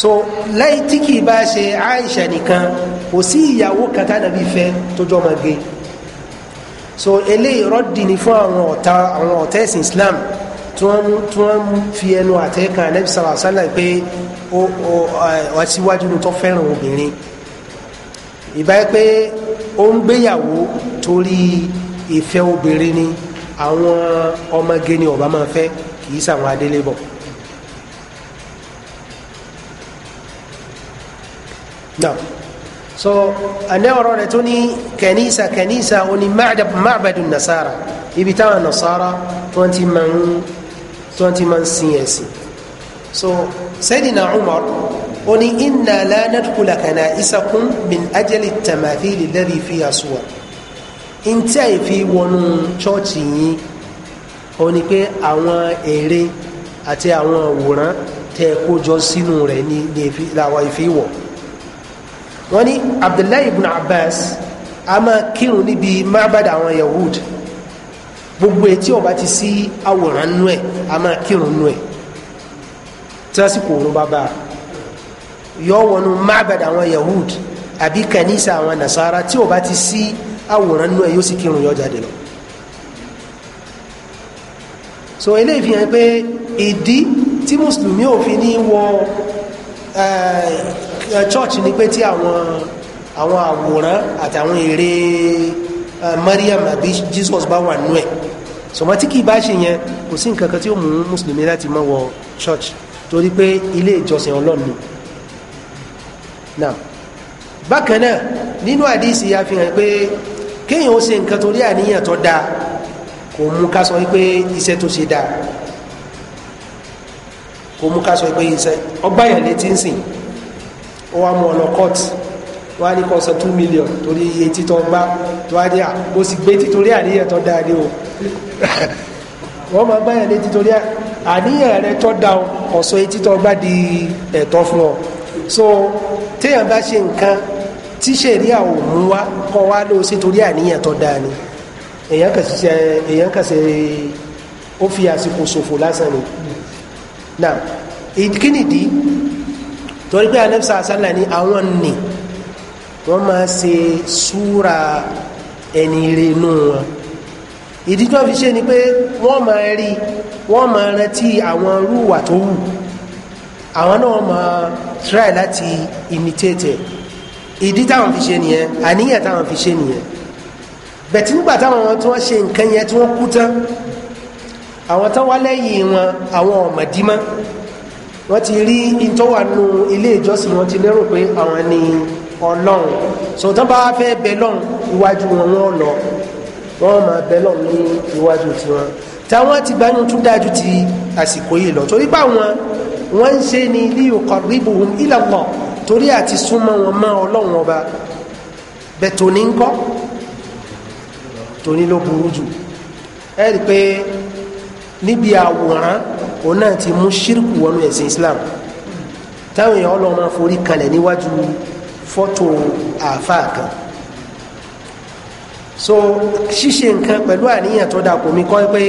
so láì tí kì í bá ṣe Aisha nìkan kò sí ìyàwó kan tí Ànábì fẹ́ tó ọmọ gé so eléyìí rọ́dì ni fún àwọn ọ̀tá àwọn ọ̀tá ẹ̀sìn Islam tí wọ́n tí wọ́n fi ẹnu àtẹ́ kan Ànábì sallallahu alaihi wasallam pé ó ó aṣíwájú ni tó fẹ́ràn obìnrin ìbá yẹ pé ó ń gbéyàwó torí ìfẹ́ obìnrin ni àwọn ọmọge ni ọba máa fẹ́ kì í ṣàwọn adélébọ̀. náà so àlẹ́ ọ̀rọ̀ rẹ̀ tó ní kẹ̀nísà kẹ̀nísà ó ní máàbàdùn nasara ibi táwọn nasara tó ti máa ń tó ti máa ń sin ẹ̀sìn so Sayyidina Umar ó ní inna la nadkhula kanaisakum min ajali tamathili alladhi fiha suwar ntí àìfi wọnú chọ́ọ̀chì yìí ó ní pé àwọn ère àti àwọn òwòrán tẹ́ kó jọ sínú rẹ̀ ní làwọn ìfi wọ̀ wọ́n ní abdullahi ibn abbas a máa kírun níbi mábàdà àwọn yahud gbogbo etí ọba ti sí àwòrán nú ẹ a máa kírun nú ẹ tásìkò òun bá bá yọ wọnú mábàdà àwọn yahud àbí kanisa àwọn nasara tí ọba ti sí àwòrán nú ẹ yóò sì kírun yọ jáde lọ so eléyìí fi hàn pé ìdí tí mùsùlùmí ò ní wọ eh, Eh, church ni pé tí àwọn àwọn àwòrán àtàwọn ère eh, Mariam àbí Jesus bá wà nú ẹ̀ sọmọ tí kì í bá ṣe yẹn kò sí nǹkan kan tí ó mú mùsùlùmí láti máa wọ church torí pé ilé ìjọsìn Ọlọ́run ni náà bákan náà nínú àdísì àfihàn pé kéèyàn ó ṣe nǹkan torí àníyàn tó dáa kò mú ká sọ wípé iṣẹ́ tó ṣe dáa kò mú ká sọ wípé iṣẹ́ ọgbà yẹn létí ń sìn ó wá mú ọ̀nà kọ́ọ̀tì wọ́n á ní kọ́ two million torí iye títọ́ gbá tó wá dé à mo sì gbé títorí àníyàn tó dáa ní o *laughs* wọ́n máa báyà lé títorí àníyàn rẹ tó dáa ọ̀sọ́ etí tó gbá di ẹ̀tọ́ fún ọ so téèyàn bá ṣe nǹkan tí sẹ̀ríà ò mú wá kọ́ wá ló ṣe torí àníyàn tó dáa ni èèyàn kà ṣe èèyàn kà ṣe ó fi àsìkò ṣòfò lásán ni now kí nìdí torí pé anabisa asala ni àwọn nì wọ́n máa ṣe súra ẹni renú wọn ìdí tí wọ́n fi ṣe ni pé wọ́n máa rí wọ́n máa rántí àwọn rúwà tó wù àwọn náà máa try láti imitate ìdí táwọn fi ṣe nìyẹn àníyàn táwọn fi ṣe nìyẹn bẹ̀tí nígbà táwọn tí wọ́n ṣe nǹkan yẹn tí wọ́n kú tán àwọn tán wá lẹ́yìn wọn àwọn ọ̀mọ̀dímọ́ wọ́n ti rí ìtọ́wànú ilé ìjọsìn wọ́n ti lérò pé àwọn ni ọlọ́run sọ̀tàn bá fẹ́ bẹ lọ́run iwájú wọn wọ́n lọ wọ́n máa bẹ lọ́run ní iwájú tiwọn táwọn ti gbanú tún dájú ti àsìkò yìí lọ torí bá wọn wọ́n ń ṣe ni li yuqarribuhum ila Allah torí àti súnmọ́ wọn mọ́ ọlọ́run ọba bẹ́ẹ̀ tòní ń kọ́ tòní ló burú jù ẹ rí i pé níbi àwòrán òun náà ti mú ṣírkù wọnú ẹ̀sìn islam táwọn èèyàn ọlọ́mọ forí kalẹ̀ níwájú fọ́tò àáfàá kan so ṣíṣe nǹkan pẹ̀lú àníyàn tó dáa kò mí kọ́ pé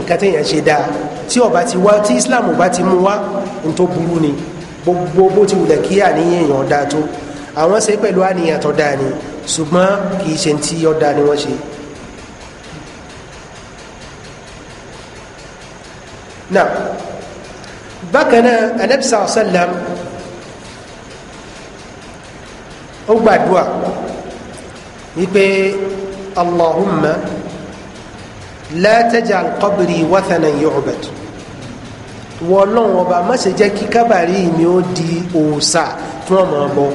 nǹkan téèyàn ṣe dáa tí ọba ti wá tí islam ọba ti mú wá n tó burú ni gbogbo bó ti wulẹ̀ kí àníyàn èèyàn dáa tó àwọn ṣe pẹ̀lú àníyàn tó dáa ni ṣùgbọ́n kì í ṣe ti ọ̀dà ni wọ́n ṣe. náà bákan náà anabisa ọ̀sánlám ó gbàdúrà wípé allahumma la taj'al qabri wathanan yu'bad wọlọ́n ọba má ṣe jẹ́ kí kábàárì mi ó di òòṣà tí wọ́n máa bọ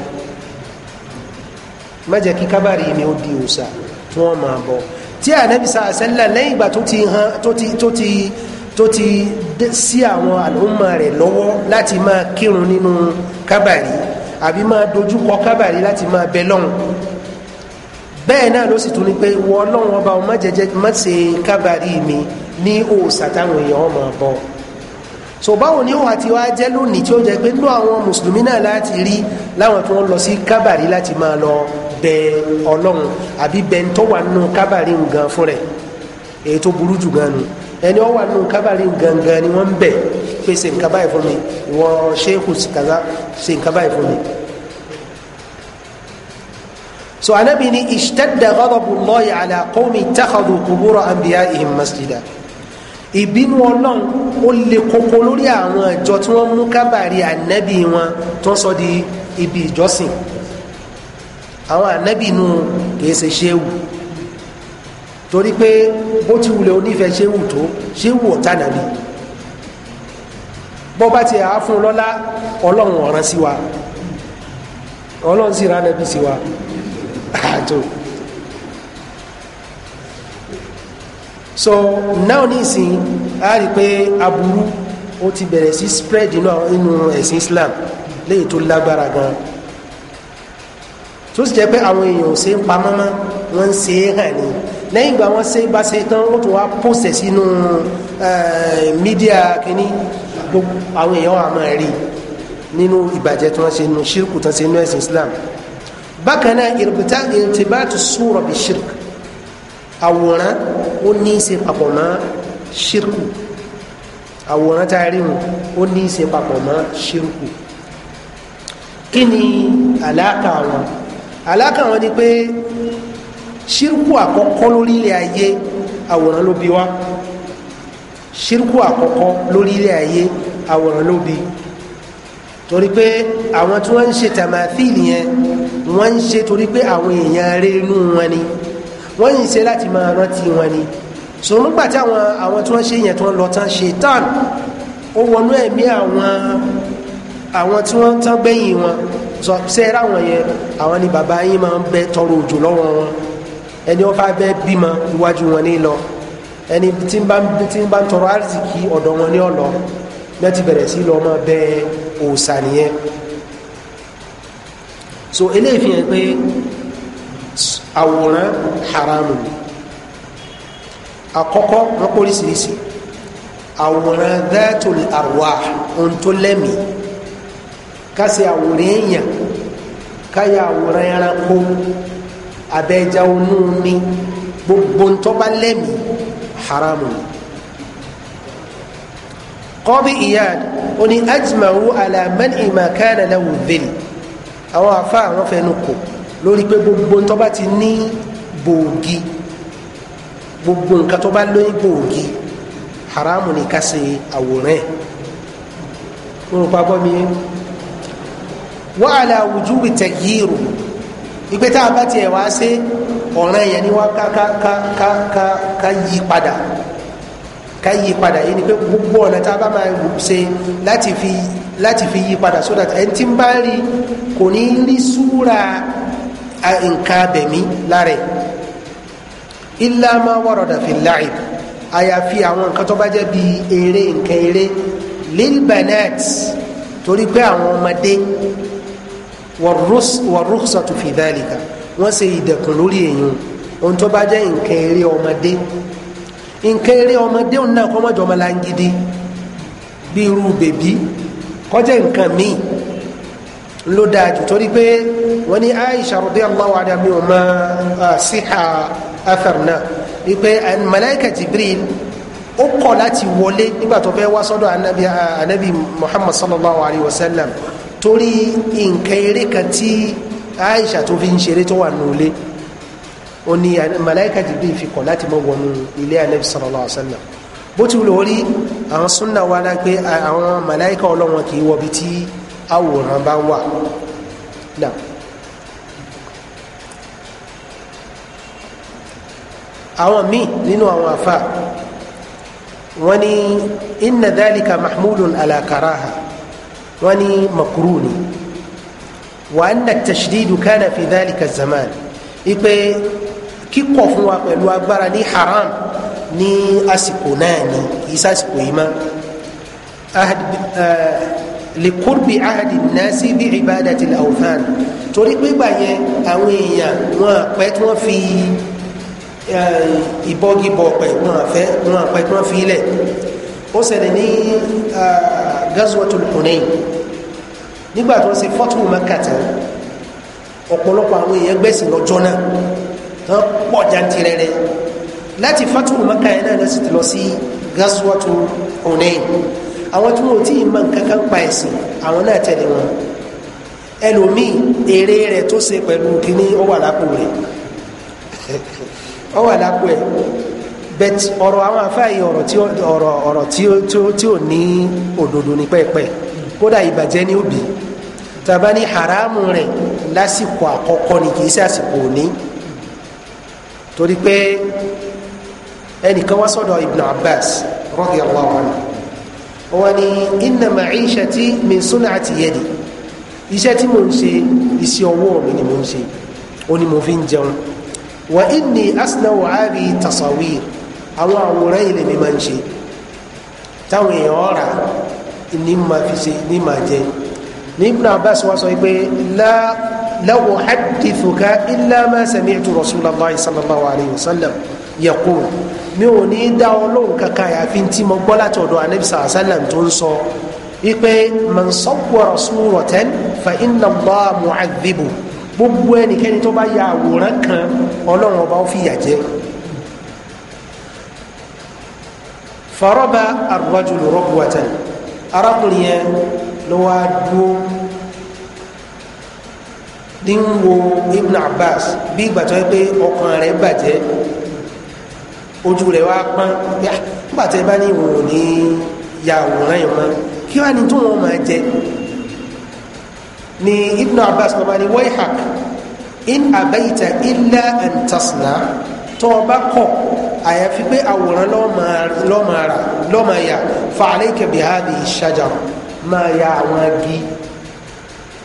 má jẹ́ kí kábàárì mi ó di òòṣà tí wọ́n máa bọ tí ànábì sàásẹ́lẹ̀ lẹ́yìn ìgbà tó ti hàn tó ti tó ti tó ti dé sí àwọn àlùmọ̀ rẹ̀ lọ́wọ́ láti máa kírun nínú kábàrí àbí máa dojúkọ kábàrí láti máa bẹ lọ́hùn bẹ́ẹ̀ náà ló sì tún ní pé wọ ọlọ́run ọba ọmọ jẹjẹ má ṣe kábàrí mi ní òòsà táwọn èèyàn ọmọ bọ so báwo ni ó wà tí wàá jẹ́ lónìí tí ó jẹ́ pé nínú àwọn mùsùlùmí náà láti rí láwọn tí wọ́n lọ sí kábàrí láti máa lọ bẹ ọlọ́run àbí bẹ ń tọ́wà nínú kábàrí nǹkan fún rẹ̀ èyí tó burú jù gan nu ẹni ọ wà nù kábàárì gangan ni wọ́n ń bẹ̀ pé ṣe nǹkan báyìí fún mi ìwọ ṣéèkù kàzá ṣe nǹkan báyìí fún mi. so anabi ni ishtadda ghadabullahi ala qawmi takhadu qubura anbiya'ihim masjida ìbínú ọlọ́run ó le koko lórí àwọn ìjọ tí wọ́n mú kábàárì ànábì wọn tó ń sọ di ibi ìjọsìn àwọn ànábì nù kìí ṣe ṣéwù torí pé bó ti wulẹ̀ onífẹ̀ẹ́ ṣéwù tó ṣéwù ọ̀tá nàbí bọ́ bá ti àá fún lọ́lá ọlọ́run ọ̀ràn sí wa ọlọ́run sì rán nàbí sí wa àjò so now nísìn a rí pé aburú ó ti bẹ̀rẹ̀ sí spread inú ẹ̀sìn Islam léyìí tó lágbára gan tó sì jẹ́ pé àwọn èèyàn ò ṣe ń pamọ́ mọ́ wọ́n ń ṣe é hàn ní lẹ́yìn ìgbà wọn ṣe bá ṣe tán wọ́n tún wá pòsẹ̀ sínú mídíà kínní àwọn èèyàn àmọ́ rí nínú ìbàjẹ́ tí wọ́n ṣe nínú ṣírkù tán ṣe nínú ẹ̀sìn Islam bákan náà ìrìbìtá ìrìtìbátù sura bí ṣírkù àwòrán ó ní í ṣe papọ̀ mọ́ ṣírkù àwòrán tá a rí wọn ó ní í ṣe papọ̀ mọ́ ṣírkù kí ni àlàkà wọn àlàkà wọn ni pé ṣírkù àkọ́kọ́ lórílẹ̀ ayé àwòrán ló bí wá ṣírkù àkọ́kọ́ lórílẹ̀ ayé àwòrán ló bí torí pé àwọn tí wọ́n ń ṣe tàmáfíìlì yẹn wọ́n ń ṣe torí pé àwọn èèyàn rẹ̀ inú wọn ni wọ́n ń ṣe láti máa rántí wọn ni so nígbà tí àwọn àwọn tí wọ́n ṣe yẹn tí wọ́n lọ tán ṣe tán ó wọnú ẹ̀mí àwọn àwọn tí wọ́n tán gbẹ̀yìn wọn sọ sẹ́ẹ̀rẹ́ àwọn yẹn àwọn ni bàbá yín máa ń bẹ tọrọ òjò lọ́wọ́ wọn ẹni wọn fà bẹ bímọ iwájú wọn ní lọ ẹni tí ń bá tí ń bá ń tọrọ àrísìkì ọ̀dọ̀ wọn ní ọ̀lọ́ bẹ́ẹ̀ ti bẹ̀rẹ̀ sí lọ́ọ́ máa bẹ òòsà nìyẹn so eléyìí fi hàn pé àwòrán haramu ni àkọ́kọ́ wọn kó oríṣiríṣi àwòrán dátòlì àrùwà ohun ká ṣe àwòrán èèyàn ká yà àwòrán ẹranko abẹ́já onú ni gbogbo ń tọ́ba lẹ́mí haramu ni. Qadi Iyad ó ní ajma'u ala man'i ma kana lahu dhil àwọn afa àwọn fẹnu kò lórí pé gbogbo ń tọ́ba ti ní bòógì gbogbo nǹkan tó bá lóyún bòógì haramu ni ká ṣe àwòrán ẹ̀ wọn ò pa gbọ́ mi wọ́n àlà wujubi tagyiru ìgbé tá a bá tiẹ̀ wá sí ọ̀ràn yẹn ni wá ká ká ká ká ká ká yí padà ká yí padà yìí ni pé gbogbo ọ̀nà tá a bá máa ṣe láti fi láti fi yí padà so that ẹni tí ń bá rí kò ní rí súra nǹkan abẹ̀mí lára ẹ̀ illa ma warada fil àyàfi àwọn nǹkan tó bá jẹ́ bíi eré nǹkan eré lil banat torí pé àwọn ọmọdé warrukhsatu fi dhalika wọ́n ṣe ìdẹ̀kùn lórí èèyàn ohun tó bá jẹ́ nǹkan eré ọmọdé nǹkan eré ọmọdé òun náà kọ́ mọ́jọ́ ọmọ láńgídí bí irú bèbí kọjá nǹkan míì ló dáa jù torí pé wọ́n ní Aisha radiyallahu anha mi ò mọ síhà afẹ́r náà wípé malaika Jibril ó kọ̀ láti wọlé nígbà tó fẹ́ wá sọ́dọ̀ anabi Muhammad sallallahu alayhi wa sallam torí nǹkan eré kan tí aisha tó fi ń ṣeré tó wà nù ilé ó ní malaika jibril fi kọ̀ láti mọ́ wọnú ilé anabi sallallahu alaihi wa sallam bó ti wù lórí àwọn súnà wa la pé àwọn malaika ọlọ́wọ́n kì í wọbi tí àwòrán bá wà àwọn míì nínú àwọn afa wọn ni inna dhalika mahmulun ala wọ́n ní makuru ni wa anna tashdidu kana fi dhalika zaman ipe kíkọ̀ fún wa pẹ̀lú agbára ní haram ní àsìkò náà ni kìí sásìkò yìí mọ́ likurbi ahadi nasi bi ibadati al-awthan torí gbígbà yẹn àwọn èèyàn wọn pẹ́ tí wọ́n fi ìbọgibọ pẹ wọn àpẹ tí wọ́n fi lẹ̀ ó ṣẹlẹ̀ ní gazwatul Hunain nígbà tó ń ṣe fọ́tù Mẹ́kà tán ọ̀pọ̀lọpọ̀ àwọn èèyàn gbẹ̀sìn lọ́jọ́ náà tán pọ̀ jantirẹrẹ láti fọ́tù Mẹ́kà yẹn náà lọ́sì ti lọ sí gazwatul Hunain àwọn tí wọn ò tí ì mọ nǹkan kan pa ẹ̀sìn àwọn náà tẹ̀lé wọn ẹlòmíì èrè rẹ̀ tó ṣe pẹ̀lú kínní ó wà lápò rẹ̀ *laughs* ó wà bet ọ̀rọ̀ àwọn afáàyè ọ̀rọ̀ tí ọ̀rọ̀ ọ̀rọ̀ tí ó tí ó ní òdodo ní pẹ́ẹ́pẹ́ kódà ìbàjẹ́ ní òbí tàbá ní haramu rẹ̀ lásìkò àkọ́kọ́ ni kìí ṣe àsìkò òní torí pé ẹnìkan wá sọ́dọ̀ Ibn Abbas radiyallahu anhu wọ́n ní inna ma'ishati min sun'ati yadi iṣẹ́ tí mo ń ṣe iṣẹ́ ọwọ́ mi ni mo ń ṣe ó ní mo fi ń jẹun wa inni asnawu abi tasawir àwọn àwòrán yìí lèmi máa ń ṣe táwọn èèyàn ọ̀rà ní máa fi ṣe ní máa jẹ ní Ibn Abbas wá sọ pé láwọ hadithuka illa ma sami'tu Rasulullah sallallahu alayhi wa sallam yaqul mi ò ní dá ọlọ́run kankan àyàfi tí mo gbọ́ láti ọ̀dọ̀ anabi sallallahu alayhi wa sallam tó ń sọ wípé man sawwara suratan fa inna Allah mu'adhibu gbogbo ẹnikẹ́ni tó bá ya àwòrán kan ọlọ́run ọba ó fìyà jẹ faraba arúgbájúlù rọ́bùwátàn arákùnrin yẹn ló wá dúó ibn abbas bí ìgbà tó yẹ pé ojú rẹ̀ wá pọ́n bá ní ìwòrán ní yàwòrán yìí ma kí wàá ní tó wọn máa ni ibn abbas in illa àyàfi pé àwòrán lọ́màrà lọ́màyà fàálẹ́ kẹ̀bí hábi ìṣàjà máa ya àwọn agi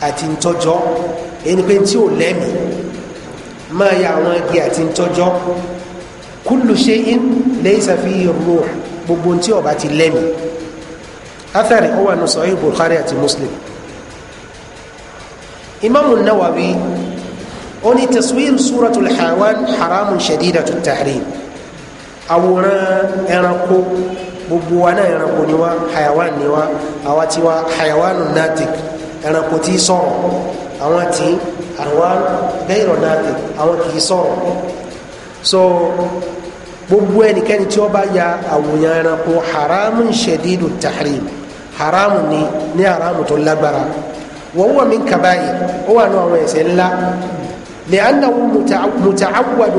àti ntọ́jọ́ ẹni pé tí ò lẹ́mì máa ya àwọn agi àti ntọ́jọ́ kúlù ṣe in lẹ́yìn sàfihàn ruh gbogbo tí ọba ti lẹ́mì athari ọwọ́ àná sọ Bukhari àti Muslim imaamu Nawawi ó taswir suratul hawan haramun shadidatu tahrim àwòrán ẹranko gbogbo wa náà ẹranko ni wa hayawan ni wa àwa ti wa hayawanu natik ẹranko tí sọ̀rọ̀ àwọn tí àwọn bẹ́ẹ̀rọ natik àwọn kì í sọ̀rọ̀ so gbogbo ẹnikẹ́ni tí ó bá ya àwòyàn ẹranko haramu ṣẹ̀dídù tahrim haramu ni ní haramu tó lágbára wọ́n wọ́n mi kàbáyé ó wà ní àwọn ẹ̀ṣẹ̀ ńlá لأنه متعود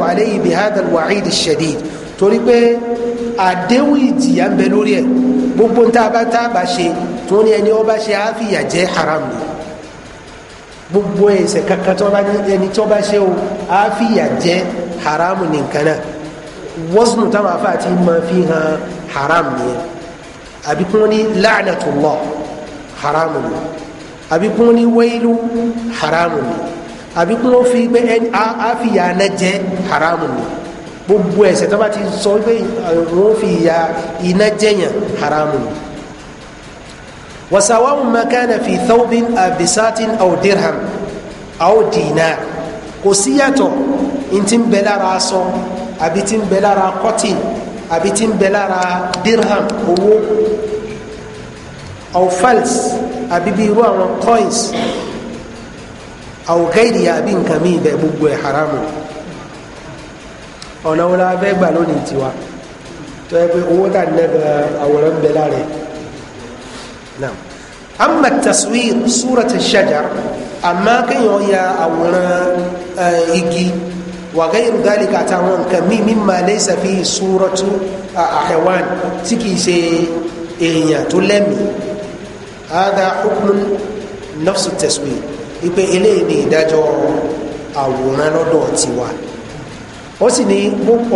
عليه بهذا الوعيد الشديد torí pé àdéhùn ìjìyà ń bẹ lórí ẹ̀ gbogbo tá a bá tá a bá ṣe tó ní ẹni ọba ṣe á fìyà jẹ haram ni gbogbo ẹ̀ṣẹ̀ kankan tó bá ẹni tó bá ṣe o á fìyà jẹ haram ni nǹkan náà wọ́sùn táwọn afá àti máa fi hàn haram nìyẹn àbí kún ní la'natullah haram ni àbí ní wailu haram ni àbí fi gbé ẹni á náà jẹ haram ni gbogbo ẹ̀ṣẹ̀ tó bá ti sọ wípé eh, wọ́n fi ìyà iná jẹ̀yàn haramu ni wasawamu makana fi thawbin abisatin aw dirham aw dinar kò síyàtọ̀ ntí ń bẹ lára aṣọ àbí tí ń bẹ lára cotton àbí tí ń bẹ lára dirham owó aw àbí bí irú àwọn coins aw àbí nǹkan bẹ gbogbo ẹ̀ haramu ni ọ̀nà wọn la fẹ́ gbà lónìí tiwa tó yẹ pé owó tà ní ẹgbẹ́ àwòrán bẹ́ẹ̀ lára ẹ̀ náà amma taswir surati shajar àmọ́ kéèyàn ya àwòrán eh, igi wa ghayru dhalika àtàwọn nǹkan míì mimma laysa fi suratu hayawan tí kìí ṣe èèyàn tó lẹ́mìí hada hukmun nafsu taswir ipe eléyìí ni ìdájọ́ àwòrán lọ́dọ̀ tiwa ó sì ní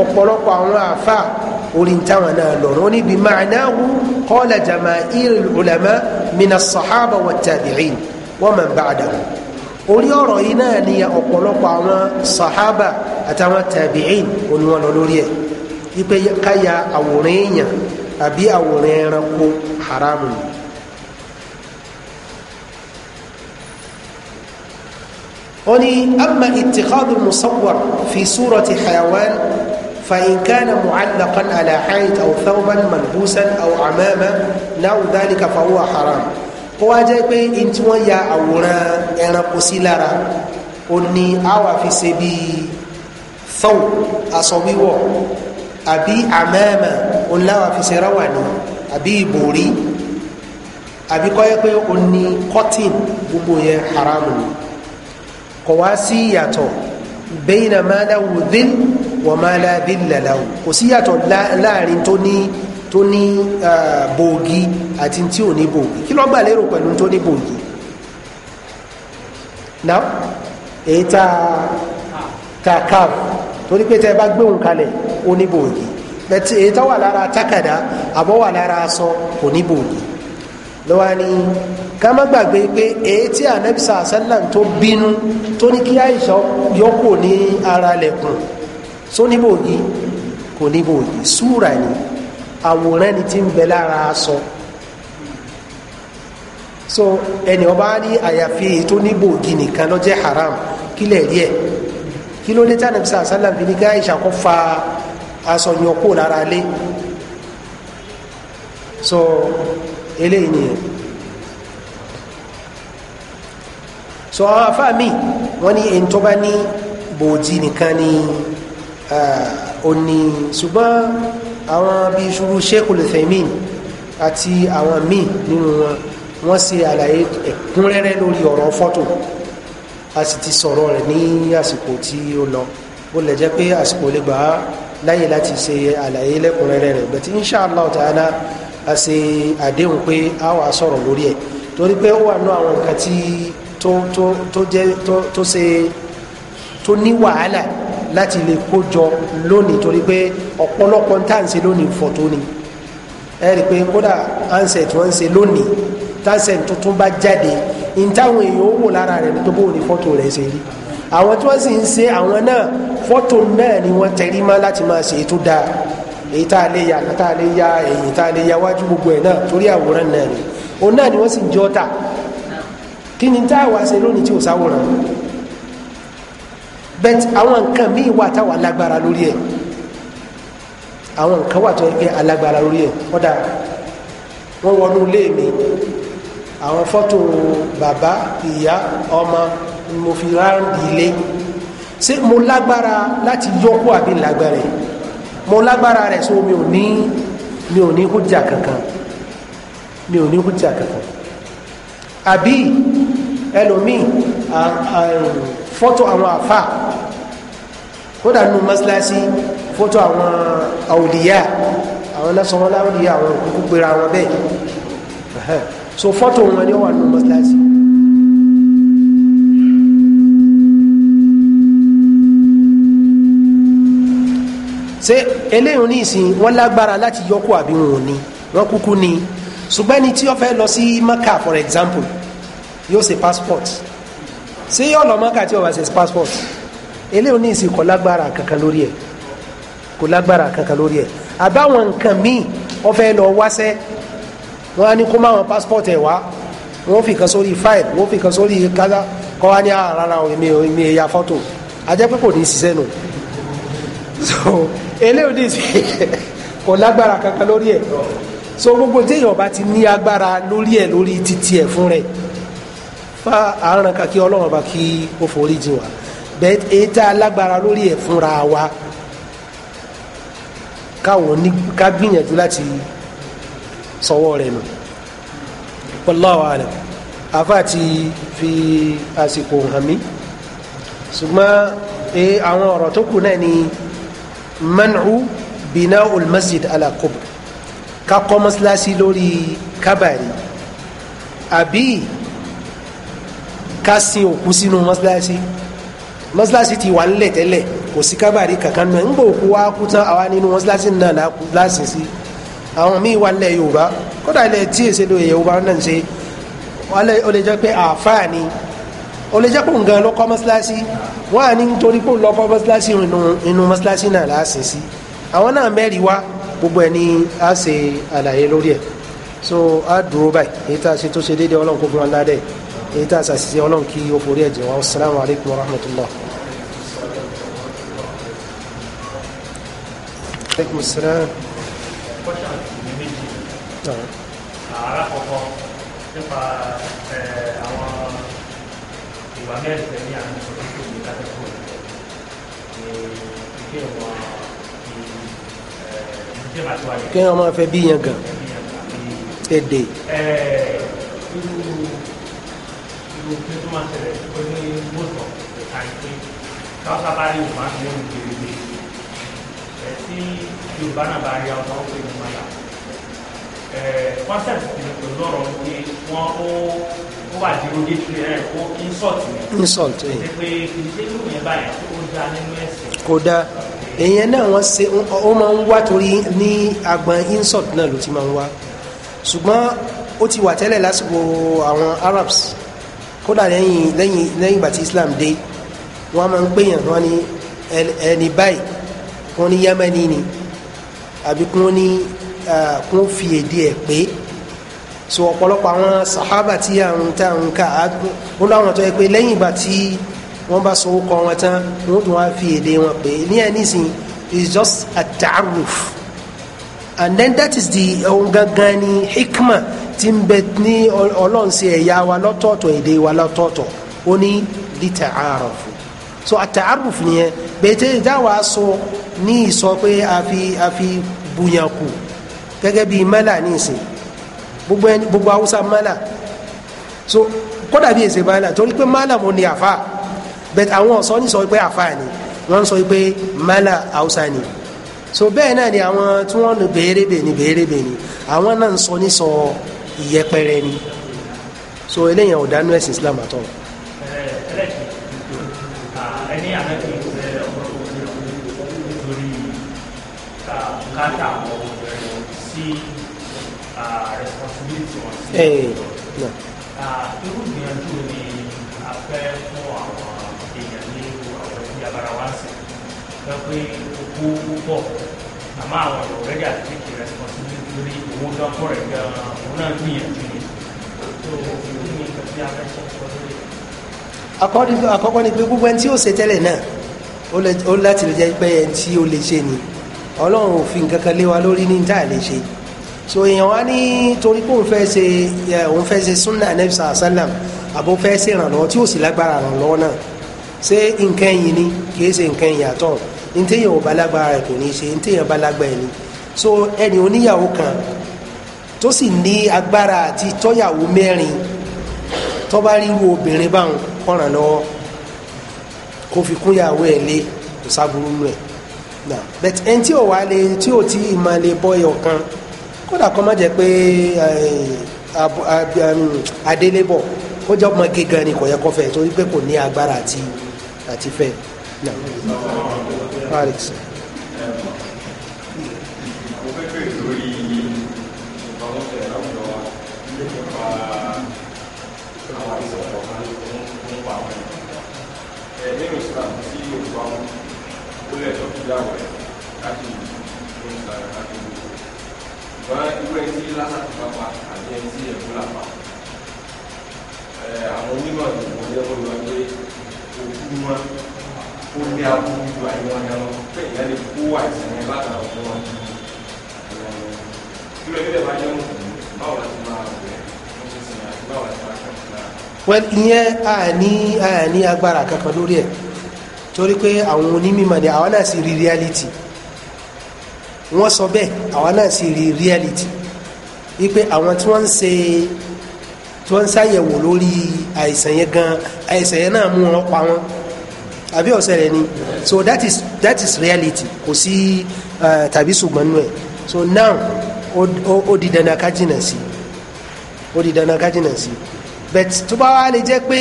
ọ̀pọ̀lọpọ̀ àwọn àfa orin táwọn náà lọ̀rọ̀ ní bí ma'nahu qala jama'irul ulama mina sahaba wa tabi'in wa man ba'dahu orí ọ̀rọ̀ yìí náà ni ọ̀pọ̀lọpọ̀ àwọn sahaba àtàwọn tabi'in oníwọ̀n lọ lórí ẹ̀ wípé káyà àwòrán èèyàn àbí àwòrán ẹranko haramu ni. وني أما اتخاذ المصور في صورة حيوان فإن كان معلقا على حائط أو ثوبا ملبوسا أو عماما نحو ذلك فهو حرام kọ́wájẹ́ pé in tí wọ́n ya àwòrán ẹranko sí lára ó ní àwà fi ṣe bíi thawb aṣọ wíwọ̀ àbí àmàmà ó láwà fi ṣe ráwàní àbí ìbòrí àbí kọ́yẹ́ pé ó ní cotton gbogbo yẹn haramu ni kò wá sí ìyàtọ̀ bẹ́yìnà máa láwù dín wọ́n máa lá dín làláwù kò sí ìyàtọ̀ láàrin tó ní tó ní bòògì àti tí ò ní bòògì kí ló gbà lérò pẹ̀lú tó ní bòògì náà èyí tá a káàb torí pé tẹ bá gbé kalẹ̀ ó ní bòògì èyí tó wà lára tákàdá àbọ̀ lára aṣọ kò ní bòògì ló wá ní ká má gbàgbé pé èyí tí anabisa asalam tó bínú tó ní kí àìsàn yọkò ní ara lẹ̀kùn sóníbò yìí kò níbò yìí súra ni àwòrán ni ti ń bẹ lára aṣọ so ẹni ọba ní àyàfi èyí tó níbò yìí nìkan ló jẹ́ haram kílẹ̀ rí ẹ̀ kí ló dé tí anabisa asalam fi ní kí àìsàn kó fa aṣọ yọkò lára lé so eléyìí nìyẹn so àwọn afá mi wọ́n ní èyí tó bá ní bòójì nìkan ni òní ṣùgbọ́n àwọn bíi ṣubú Sheikhul Uthaymeen àti àwọn míì nínú wọn wọ́n ṣe àlàyé ẹ̀kúnrẹ́rẹ́ lórí ọ̀rọ̀ fọ́tò a sì ti sọ̀rọ̀ rẹ̀ ní àsìkò tí ó lọ ó lè jẹ́ pé àsìkò lè gbà á láyè láti ṣe àlàyé lẹ́kùnrẹ́rẹ́ rẹ̀ bẹ̀tí insha Allah ta'ala. Ase ṣe àdéhùn pé a wà sọ̀rọ̀ lórí ẹ̀ torí pé ó wà nú àwọn nǹkan tí tó tó tó jẹ́ tó tó ṣe tó ní wàhálà láti lè kó jọ lónìí torí pé ọ̀pọ̀lọpọ̀ tá à ń ṣe lónìí fọ̀tò ni ẹ rí i pé kódà ansẹ̀ tí wọ́n ń ṣe lónìí tánsẹ̀ tuntun bá jáde ní táwọn èèyàn ó wò lára rẹ̀ nítorí bóun ni fọ́tò rẹ̀ ṣe rí àwọn tí wọ́n sì ń ṣe àwọn náà fọ́tò náà ni wọ́n tẹrí mọ́ láti máa ṣe é tó dáa èyí tá a lè yà tá a lè ya èyí tá a lè ya wájú gbogbo ẹ̀ náà torí àwòrán náà ni òun náà ni wọ́n sì ń jọ́ ta kí ni tá a wá ṣe lónìí tí ò sáwòrán bet àwọn nǹkan míì wà táwa lágbára lórí ẹ̀ àwọn nǹkan wà tó yẹ pé alágbára lórí ẹ̀ kọ́dà wọ́n wọnú ilé mi àwọn fọ́tò bàbá ìyá ọmọ mo fi ráńdì ilé ṣé mo lágbára láti yọkú àbí lágbára yìí mo lágbára rẹ̀ so mi ò ní mi ò ní hújà kankan mi ò ní hújà kankan àbí ẹlòmíì fọ́tò àwọn àfà kódà nínú mọ́síláṣí fọ́tò àwọn àwòdìyà àwọn lẹ́sọ̀wọ́n láwòdìyà àwọn òkú pera wọn bẹ́ẹ̀ so fọ́tò wọn ni ó wà nínú mọ́síláṣí eléyìí ní ìsìn wọn lágbára láti yọkù àbí wọn ò ní wọn kúkú ní ṣùgbọ́n ẹni tí wọ́n fẹ́ lọ sí maka for example yóò ṣe passport ṣé yóò lọ maka tí wọ́n bá ṣe passport eléyìí ní ìsìn kò lágbára kankan lórí ẹ̀ kò lágbára kankan lórí ẹ̀ àbáwọn nǹkan míì wọ́n fẹ́ lọ wáṣẹ́ wọ́n á ní kó má wọn passport ẹ̀ wá wọ́n fi kan sórí file wọ́n fi kan sórí kádà kọ́ wá ní àràrà ah, èmi èmi fọ́tò ajẹ́ kò ní ṣiṣẹ́ nù so eléyìí dì sí kò lágbára kankan lórí ẹ̀ so gbogbo téèyàn bá ti ní agbára lórí ẹ̀ lórí títí ẹ̀ fún rẹ̀ fa àárín kan kí ọlọ́run bá kí ó forí jìn wá bẹ́ẹ̀ èyí tá a lágbára lórí ẹ̀ fúnra wa káwọn ní ká gbìyànjú láti sọwọ́ rẹ̀ nù wallahu alam àfa ti fi àsìkò hàn mí ṣùgbọ́n eh, àwọn ọ̀rọ̀ tó kù náà ni man'u bina'ul masjid ala qubr ká kọ́ mọ́sálásí lórí kábàárì àbí ká sin òkú sínú mọ́sálásí mọ́sálásí ti wà nílẹ̀ tẹ́lẹ̀ kò sí kábàárì kankan náà ńgbà òkú wa kú tán àwa nínú mọ́sálásí náà láti sí àwọn míì wà nílẹ̀ yorùbá kódà ilẹ̀ tí èsè lóye yorùbá náà ń ṣe ó jẹ́ pé àáfàá ni ó lè jẹ́ pé nǹkan ló kọ́ mọ́sálásí wọ́n á ní nítorí pé ló kọ́ mọ́sálásí inú mọ́sálásí náà láàsìn sí àwọn náà mẹ́rin wá gbogbo ẹni á ṣe àlàyé lórí ẹ̀ so á dúró báyìí èyí tá a ṣe tó ṣe déédéé ọlọ́run kó fún wa ládẹ́ èyí tá a ṣàṣìṣe ọlọ́run kí o forí ẹ̀jẹ̀ wa assalamu alaikum wa rahmatullah. aleykum salaam. nípa richieste di hanno pubblicate fuori kí wọ́n máa fẹ́ bí yẹn gan èdè. irú irú kí ló máa ṣẹlẹ̀ ó ní mọ́tò ìka ìpín káwọ́sá bá rí ìwà ní ohun gbèrègbè ẹ̀ tí Yorùbá náà bá rí ọmọ ọ̀pẹ ìmọ̀lá concept pẹ̀lú ọ̀rọ̀ pé wọ́n ó ó wà derogatory ẹ̀ kó insult mi. insult ẹ̀. Eh. ṣe pé ìdílé yóò yẹn báyìí ó dá nínú ẹ̀sìn. kò dáa èèyàn náà wọ́n ṣe ó máa ń wá torí ní agbọn insult náà ló ti máa ń wá ṣùgbọ́n ó ti wà tẹ́lẹ̀ lásìkò àwọn Arabs kódà lẹ́yìn lẹ́yìn lẹ́yìn ìgbà tí Islam dé wọ́n máa ń pèèyàn wọ́n ní ẹni báyìí wọ́n ní Yemeni ni àbí kún ní kún fi èdè ẹ̀ pé so ọ̀pọ̀lọpọ̀ àwọn sàhábà tí àrùn tá àrùn ká ó láwọn tó yẹ pé lẹ́yìn ìgbà tí wọ́n bá sọ orúkọ wọn tán wọ́n tún wá fi èdè wọn pé ní ẹ̀ nísìn is just a ta'aruf and then that is the ohun gangan ni hikma ti ń bẹ ní ọlọ́run sí ẹ̀yà wa lọ́tọ̀ọ̀tọ̀ èdè wa lọ́tọ̀ọ̀tọ̀ ó ní lita'arafu so àtàárùf nìyẹn bẹ̀tẹ̀ ìdáwà sọ ní ìsọ pé a fi a fi bùyànkù gẹ́gẹ́ bíi mẹ́là ní ìsìn gbogbo ẹni gbogbo haúsá mọ́là so kódà bí èsè mọ́là torí pé mọ́là mo ní àfa bẹ́ẹ̀ àwọn ọ̀sán ní sọ pé àfa ni wọ́n sọ pé mọ́là haúsá ni so bẹ́ẹ̀ náà ni àwọn tí wọ́n nu bèèrèbè ni bèèrèbè ni àwọn náà ń sọ ní sọ ìyẹpẹrẹ ni so eléyàn ò dánú ẹ̀sìn Islam àtọ̀rọ̀. irú ìgbìyànjú ni a fẹ́ fún àwọn èèyàn ní àwọn ẹbí abara wa sí lọ pé owó púpọ̀ àmọ́ àwọn ọ̀rẹ́ dà bí kì í responsibility lórí owó gan fún rẹ̀ gan òun náà gbìyànjú ni tó ìlú ní nǹkan tí a fẹ́ ṣe sọ lórí. àkọ́kọ́ ni pé gbogbo ẹni tí ó ṣe tẹ́lẹ̀ náà ó láti lè jẹ́ pé ẹni tí ó lè ṣe ni ọlọ́run ò fi lé wa lórí ní tá à lè ṣe so èèyàn wá ní torí pé òun fẹ́ ṣe òun fẹ́ ṣe sunna anabi sàlám àbò fẹ́ ṣe ìrànlọ́wọ́ tí ò sì lágbára ìrànlọ́wọ́ náà ṣé nǹkan ẹ̀yìn ni kìí ṣe nǹkan ẹ̀yìn àtọ̀ ntẹ̀yìn ò bá lágbára rẹ̀ kò ní ṣe ntẹ̀yìn bá lágbára ẹ̀ ni so ẹni oníyàwó kan tó sì ní agbára àti tọ́yàwó mẹ́rin tó bá rí wo obìnrin báwọn kọ́ràn lọ́wọ́ kó fi kún yàwó ẹ̀ lé kò sábúrú nù ẹ̀ bẹ̀t ẹni tí ò wá lé tí ò tí ì máa lè bọ́ ẹ̀ ọ̀kan kódà kọ́ má jẹ́ pé eh, um, adélébọ̀ ó jẹ́ ọmọ gígan ni kò yẹ kó fẹ́ torí pé kò ní agbára àti àti fẹ́. Yeah. Alex. lásàkó pápá àti ẹni tí ẹ̀kú làpá àwọn onímọ̀ ìgbìmọ̀ jẹ́ kó lọ pé òkú mọ́ ó ní abúlé ju àyíwọ̀n yẹn lọ pé ìyá lè kó àìsàn yẹn látara fún wọn. ìrẹ̀ nílẹ̀ bá jẹ́ mọ̀ báwo la ti máa rẹ̀ wọ́n ṣe sìn àti báwo la ti máa kàn síra. wẹ́n ìyẹn àní àní agbára kankan lórí ẹ̀ torí pé àwọn onímọ̀ ni àwọn náà sì rí reality wọ́n sọ bẹ́ẹ̀ àwọn náà sì rí reality wípé àwọn tí wọ́n ń ṣe tí wọ́n ń ṣàyẹ̀wò lórí àìsàn yẹn gan àìsàn yẹn náà mú wọn pa wọn àbí ọ̀sẹ̀ rẹ̀ ni so that is that is reality kò sí tàbí ṣùgbọ́n nù ẹ̀ so now ó di dandan ká jìnnà sí ó di dandan ká jìnnà sí but tó bá wà lè jẹ́ pé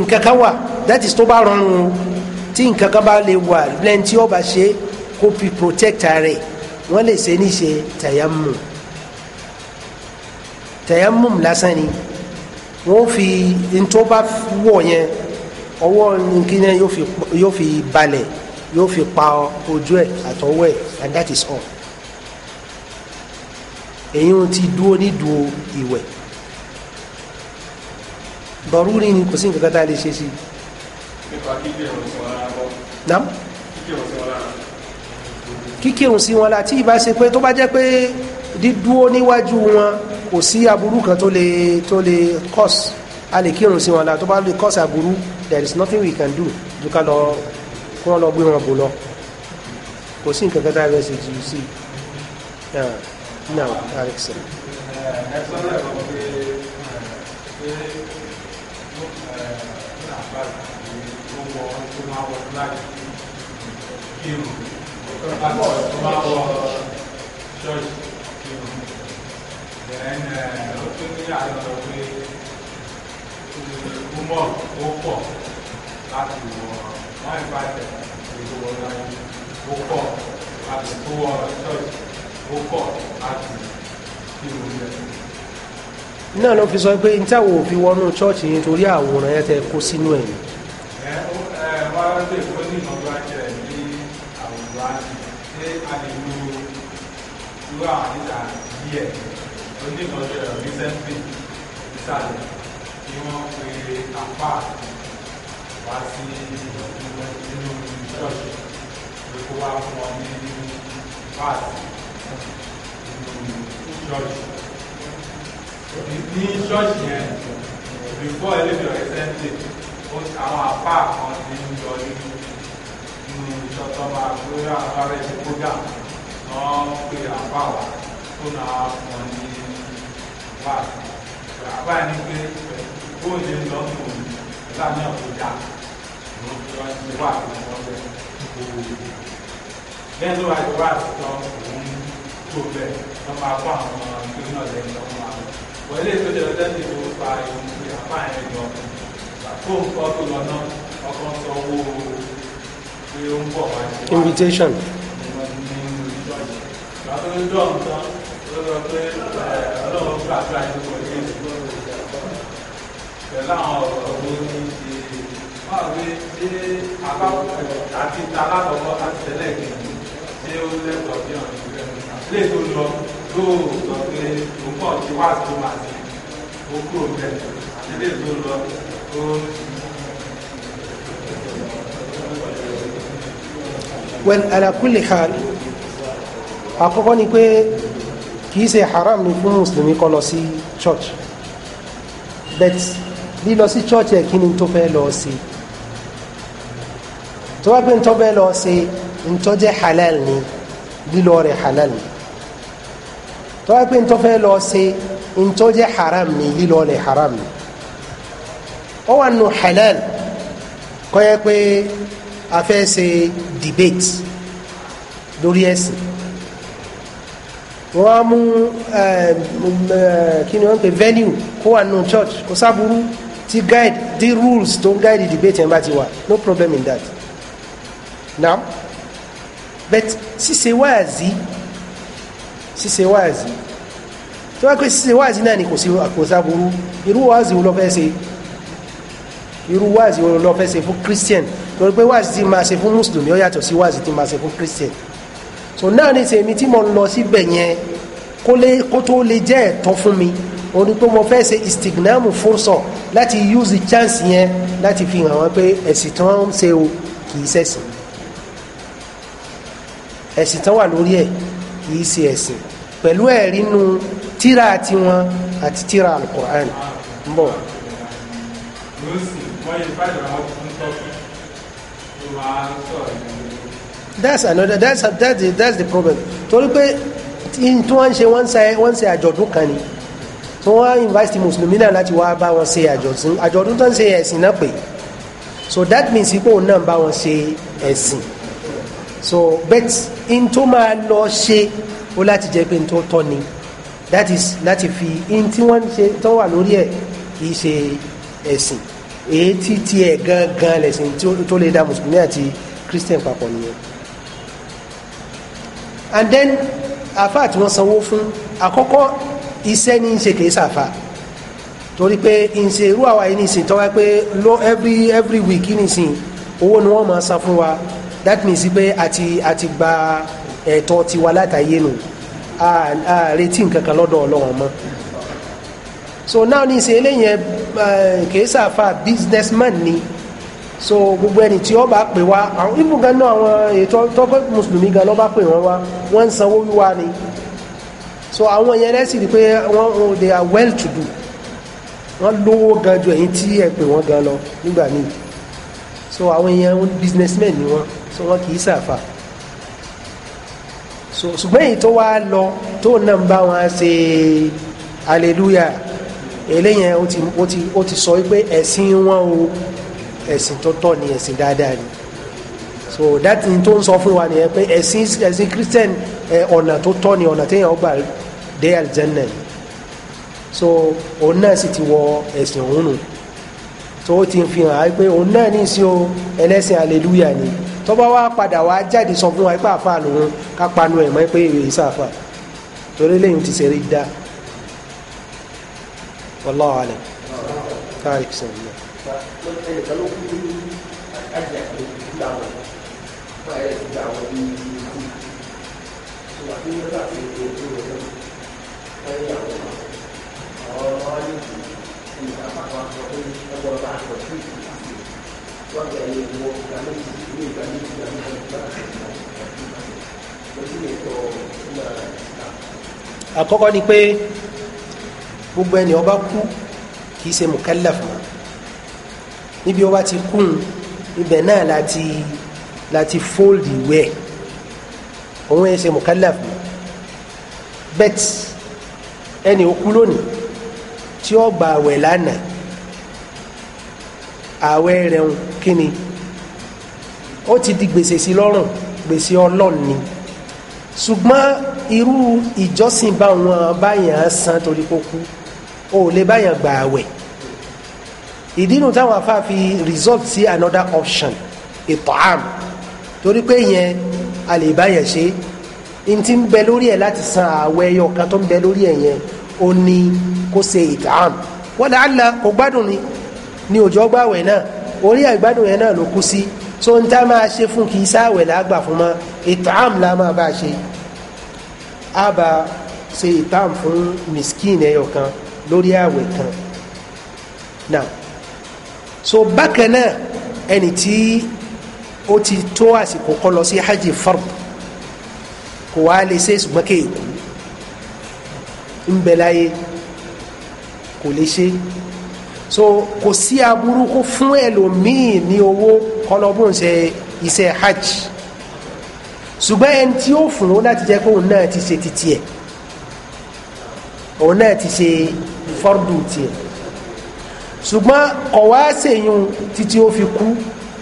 nǹkan kan wà that is tó bá rọrùn tí nǹkan kan bá lè wà lẹ́yìn tí ó bá ṣe kó fi protect ara rẹ̀ wọ́n lè ṣe níṣe tayammum tayammum lásán ni wọ́n fi ntọ́ba wọ̀ yẹn ọwọ́ nìkíní yóò fi balẹ̀ yóò fi pa ojú ẹ̀ àtọwọ́ ẹ̀ and that is all èyí ń ti dúó ní dúó ìwẹ̀ bọ̀rúurì ni kò sí nǹkan kan tá a lè ṣe sí i. nípa kíkẹ́ ìwòsàn ara bọ́ kíkírun sí wọn láti ìbá ṣe pé tó bá jẹ́ pé dídúó níwájú wọn kò sí aburú kan tó lè tó lè cause a lè kírun sí wọn la tó bá lè cause aburú there is nothing we can do ju ká lọ kó wọn lọ gbé wọn bò lọ kò sí nǹkan kan tá a jù sí now alex. ẹ sọ Accord, tomorrow, church. Then, lókè àyọ̀ lọ pé túmọ̀ ó pọ̀ láti wọ̀ wọ́n ìgbà tẹ̀ ètò ọ̀la ó náà ló fi sọ pé n táwọn òfin wọnú ṣọ́ọ̀ṣì yẹn torí àwòrán yẹn tẹ kó sínú ẹ̀ ni. ẹ ẹ wá lè kó ní ìmọ̀gbà ní àwòrán ṣé a lè lo irú àwọn níta díẹ̀ onímọ̀ọ́jọ́ ẹ̀rọ recently ìsàlẹ̀ kí wọ́n pe apá wá sí nínú ṣọ́ọ̀ṣì pé kó wá fún ọ ní páàsì nínú ṣọ́ọ̀ṣì ní ṣọ́ọ̀ṣì yẹn before ẹlẹ́bìrọ̀ recently àwọn apá kan ti ń yọ nínú sọ tó máa gbé àwọn ará ẹ̀jẹ̀ program wọ́n pe àbá wa tó nà á fún ọ ní wá àbá ní pé bóyá lọ fún un láàmì àbújá ní wá àbújá wọn bẹ lẹ́yìn tó wà ní wá àtúntò òun tó bẹ̀ wọ́n máa kó àwọn ọmọ náà lẹ́yìn lọ́wọ́ máa lọ. wọ́n ilé ìtọ́jú ọjọ́ ti tó fa ìwọ̀n àbá yẹn lọ kó nǹkan tó lọ náà ọkàn sọ owó invitation Thank you. well ala kulli hal àkọ́kọ́ ni pé kìí ṣe haram ni fún mùsùlùmí kọ́ lọ sí church but lílọ sí church ẹ̀ kí ni tó fẹ́ lọ sí tó wá pé ntọ́ bẹ́ẹ̀ lọ sí ntọ́ jẹ́ halal ni lílọ rẹ̀ halal ni tó wá pé ntọ́ fẹ́ lọ sí ntọ́ jẹ́ haram ni lílọ rẹ̀ haram ni ó wà nù halal kọ́ yẹ pé a fẹ́ ṣe debate lórí ẹ̀sìn wọ́n á mú eh, eh, kí ni wọ́n ń pè venue kó wà nù church kó sábúrú tí guide the rules to guide the debate yẹn bá ti wà no problem in that now but ṣíṣe wáàzí ṣíṣe wáàzí tí wọ́n pè ṣíṣe wáàzí náà ni kò sí àkóṣàbúrú irú wáàzí wo lọ fẹ́ ṣe irú wáàzí wo lọ fẹ́ ṣe fún christian torí pé wáàsí ti máa ṣe fún mùsùlùmí ó yàtọ̀ sí wáàsí ti máa ṣe fún christian so náà ní sèmi tí mo ń lọ síbẹ̀ yẹn kó lè kó tó lè jẹ́ ẹ̀tọ́ fún mi òun ni pé mo fẹ́ ṣe istignamu fúrsọ láti use the chance yẹn láti fi hàn wọ́n pé ẹ̀sìn tí wọ́n ń ṣe o kì í ṣẹ̀sìn ẹ̀sìn tán wà lórí ẹ̀ kì í ṣe ẹ̀sìn pẹ̀lú ẹ̀rí nu tíra tiwọn àti tíra alukur'an ń bọ̀. lọ́sìn wọ́n yẹ báyìí àwọn tó ń tọ́jú that's another that's that's the, that's the problem torí pé in tí wọ́n ṣe wọ́n ṣe wọ́n ṣe àjọ̀dún kan ni tí wọ́n invite mùsùlùmí náà láti wá bá wọn ṣe àjọ̀dún àjọ̀dún tó ń ṣe ẹ̀sìn náà pé so that means pé òun náà bá wọn ṣe ẹ̀sìn so bet in tó máa lọ ṣe ó láti jẹ́ pé n tó tọ́ ni that is láti fi in tí wọ́n ṣe tó wà lórí ẹ̀ kì í ṣe ẹ̀sìn èyí tí tiẹ̀ gangan lẹ̀sìn tó lè dá mùsùlùmí àti christian papọ̀ nìyẹn and then àfáà tí wọ́n sanwó fún àkọ́kọ́ iṣẹ́ ní í ṣe kìí ṣàfà torí pé ìṣe irú àwa yìí nìsín tọ́wá pé lo every every week nìsín owó ni wọ́n máa san fún wa that means pé àti àti gba ẹ̀tọ́ tiwa látàyè nù a retí nǹkan kan lọ́dọ̀ ọlọ́run mọ́ so now ní ìsìn eléyẹn eh, kìí sàfà businessman ni so gbogbo ẹni tí ó bá pè wá àwọn ibù gan náà àwọn ètò tọ́pẹ́ mùsùlùmí gan ló bá pè wọ́n wá wọ́n ń sanwó wíwá ni so àwọn yẹn lẹ́sìn ni pé wọ́n they are well to do wọ́n lówó gan ju ẹ̀yìn tí ẹ pè wọ́n gan lọ nígbà míì so àwọn yẹn businessmen ni wọ́n so wọ́n kìí sàfà so ṣùgbọ́n èyí tó wá lọ tó náà ń bá wọn ṣe hallelujah eléyẹn ó ti sọ wípé ẹ̀sìn wọn o ẹ̀sìn tó tọ́ ni ẹ̀sìn dáadáa ni so that thing tó ń sọ fún wa nìyẹn pé ẹ̀sìn ẹ̀sìn christian ọ̀nà tó tọ́ ni ọ̀nà téèyàn gbà dé aljanna so òun náà sì ti wọ ẹ̀sìn òun nù tó o ti fi hàn á pé òun náà ní sí o ẹlẹ́sìn aleluya ni tó bá wá padà wá jáde sọ fún wa pé àfa lòun ká panu ẹ̀ mọ́ pé èyí sàfà torí lẹ́yìn ti ṣe rí dáa wallahu alam káàrí kìsàn ní. ẹnìkan ló kú ní àjẹ́ àti ìdílé àwọn ọmọ ẹ̀ ti dà wọ́n ní ikú ìwà tí wọ́n dàbí ètò ìwé náà lẹ́yìn àwọn ọmọ ọmọ ní ìlú ìlú àpapọ̀ àpapọ̀ tó ní ẹgbẹ́ ọba àpọ̀ sí ìlú àti wọ́n bẹ̀rẹ̀ lè wọ ìgbà méjì ní ìgbà méjì ìgbà méjì ìgbà méjì lójú ètò ìlú àkọ́kọ́ ni pé gbogbo ẹni ọba kú kì í ṣe mukallaf mọ́ níbi ọba ti kún ibẹ̀ náà láti láti fold ìwé òun ẹ̀ ṣe mukallaf mọ́ bet ẹni ó kú lónìí tí ó gba àwẹ̀ lánàá àwẹ̀ rẹ̀ ń kíni ó ti di gbèsè sí lọ́rùn gbèsè ọlọ́run ni ṣùgbọ́n irú ìjọsìn bá wọn báyàn san torí kó kú o ò lè báyàn gbà àwẹ̀ ìdínú táwọn afá fi result sí another option ìtọ́àm torí pé yẹn a lè báyàn ṣe n ti ń bẹ lórí ẹ̀ láti san àwẹ̀ ẹyọ kan tó ń bẹ lórí ẹ̀ yẹn ó ní kó ṣe ìtọ́àm wọ́n làálà kò gbádùn ni ni òjò gbàwẹ̀ náà orí àgbàdùn yẹn náà ló kú sí so n ta máa ṣe fún kì í sáwẹ̀ lágbà fún mọ́ ìtàm la máa bá ṣe á bá ṣe ìtàm fún miskin ẹyọ kan lórí àwẹ̀ kan now so bákan náà ẹni tí ó ti tó àsìkò kó lọ sí hajj fard kò wá lè ṣe ṣùgbọ́n kéèkú ń bẹ láyé kò lè ṣe so kò sí aburú kó fún ẹlòmíì ní owó kọlọ́bùn ṣe iṣẹ́ hajj ṣùgbọ́n ẹni tí ó fún un láti jẹ́ kóun náà ti ṣe titi ẹ̀ òun náà ti ṣe fọ́rdù tiẹ̀ ṣùgbọ́n ọ̀wá ṣèyún títí ó fi kú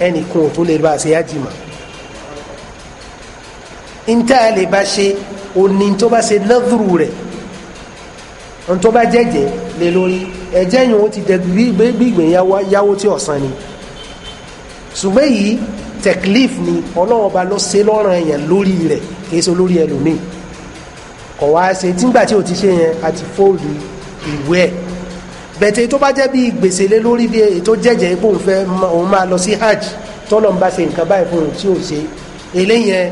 ẹnìkan ò tó lè bá a ṣe yájìmá níta lè bá ṣe òní tó bá ṣe lọ́dúrú rẹ̀ tó bá jẹ́jẹ́ lé lórí ẹ̀jẹ̀ yìí ó ti dẹ gbígbìn yáwó tí ọ̀sán ni ṣùgbọ́n yìí tẹ̀klif ni ọlọ́run ọba ló ṣe lọ́rùn èèyàn lórí rẹ̀ kì í ṣe olórí ẹlòmíì kọ̀ wá ṣe tíngbà tí ò ti ṣe yẹn àti fóòlù ìwé ẹ̀ bẹ̀tẹ̀ tó bá jẹ́ bí gbèsè lé lórí bí ètò jẹ́jẹ́ pé òun fẹ́ òun máa lọ sí hajj tọ́lọ̀ ń bá ṣe nǹkan báyìí fún òun tí ò ṣe eléyẹn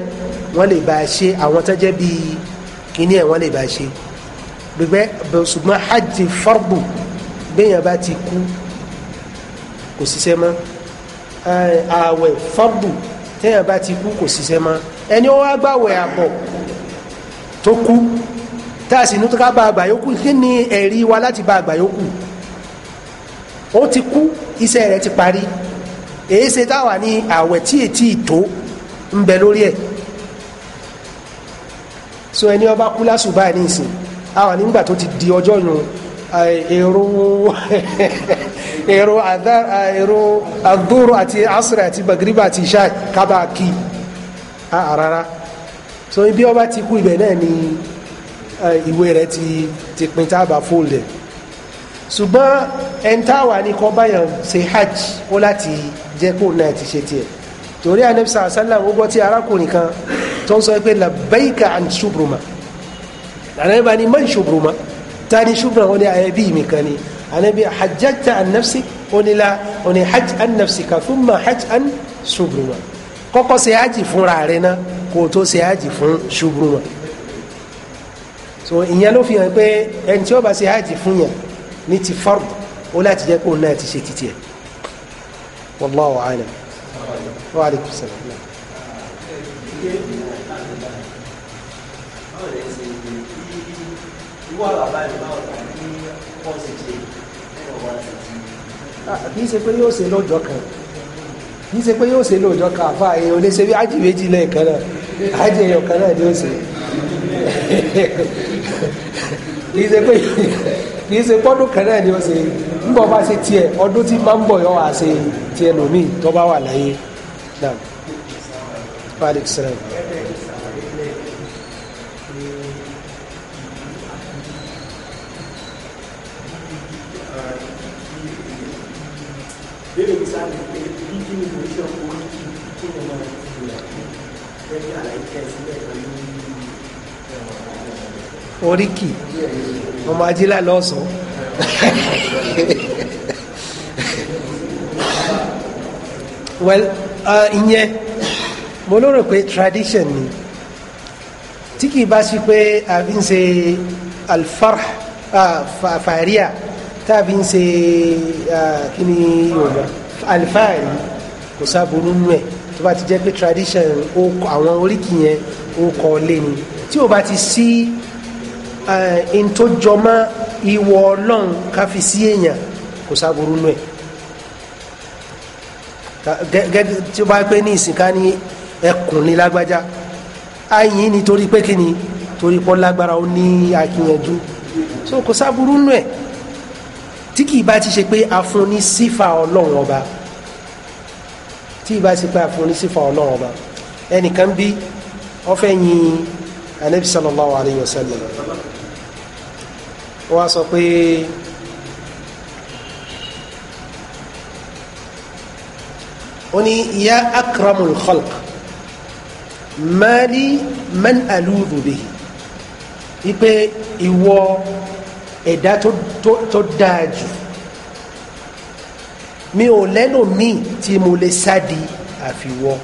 wọ́n lè bá a ṣe àwọn tó jẹ́ bí kíní ẹ̀ wọ́n lè bá a ṣe gbẹgbẹ́ ṣùgbọ́n hajj fardu béèyàn bá ti kú kò ṣiṣẹ́ mọ́ eh, ààwẹ̀ fardu téèyàn bá ti kú kò ṣiṣẹ́ mọ́ ẹni ó wá gbàwẹ̀ àbọ̀ tó kú tá a sì ní tó ká bá àgbà yòókù ni ẹ̀rí wa láti ba àgbà yòókù ó ti kú iṣẹ́ rẹ̀ ti parí èyí ṣe táwa ní àwẹ̀ tí ètí ìtó ń bẹ lórí ẹ̀ so ẹni ọba kú lásùbà ní ìsìn àwọn nígbà ti di ọjọ́ yun èrò *laughs* èrò àdúró àti asra àti àti ìṣá kábàákì so ibi ọba ti kú ibẹ̀ Eh, ìwé rẹ̀ ti ti pin tábà fóòlẹ̀ ṣùgbọ́n ẹni táwà ní kọ́ báyàn ṣe hajj ó láti jẹ́ kó náà ti ṣe tiẹ̀ torí anabisa asalam ó gbọ́ tí arákùnrin kan tó ń sọ pé labaika an shubruma anabisa ni man shubruma ta ni shubruma ó ní ayẹbí mi kan ni anabi hajjata an nafsi ó ní la ó ní hajj an nafsi ka thumma hajj an shubruma kọ́kọ́ ṣe hajj fúnra rẹ̀ náà kó o tó ṣe hajj fún shubruma so ìyẹn ló fi hàn pé ẹni tí ó bá ṣe hajj fún yàn ní ti fard ó láti jẹ́ kó náà ti ṣe títí ẹ̀ wallahu a'lam wa alaikum salam. Ah, kì í ṣe pé yóò ṣe lọ́jọ́ kan kì í ṣe pé yóò ṣe lọ́jọ́ kan àfa èèyàn lè ṣe bí ájì méjì lẹ́ẹ̀kan náà ájì èèyàn náà ni ó ṣe kì pé kì pọ́dún kan náà ni ó ṣe ń bọ̀ bá ṣe tiẹ̀ ọdún tí máa ń bọ̀ yọ wá ṣe tiẹ̀ lómi tó bá wà láyé náà alex sẹ́rẹ̀. Bébè sáré pé bíbí ni mo ṣe ọkùnrin kí ni mo máa ń fi ìyàwó ẹgbẹ́ àlàyé kẹ́sì lẹ́ẹ̀kan oríkì ọmọ ajílá lọ́sàn well uh, ìyẹn mo lérò pé tradition ni tí kì í bá sí pé a fi ń ṣe alfarh fàríà tá a fi ń ṣe kí ni yorùbá alfahari kò sábò nínú ẹ̀ tó bá ti jẹ́ pé tradition àwọn oríkì yẹn ó kọ́ lé ni tí o bá ti sí eh, ntójọmọ́ ìwọ ọlọ́run ká fi sí èèyàn kò sáburú nù ẹ̀ gẹ́gẹ́ tí o bá pé ní ìsìnká ní ẹkùn ní lágbájá ayin nítorí pé kí ni torí pọ́ lágbára ó ní akíyanjú so kò sáburú nù ẹ̀ tí kì í bá ti ṣe pé a fún ní sífà ọlọ́run ọba tí ì bá ṣe pé a ní sífà ọlọ́run ọba ẹnìkan bí ó yin anabi sallallahu alayhi wa sallam wọ́n sọ pé ó ní ya akramul khalq mali man aludhu bihi wípé ìwọ ẹ̀dá tó dáa jù mi ò lẹ́nu míì tí mo lè sádi àfiwọ́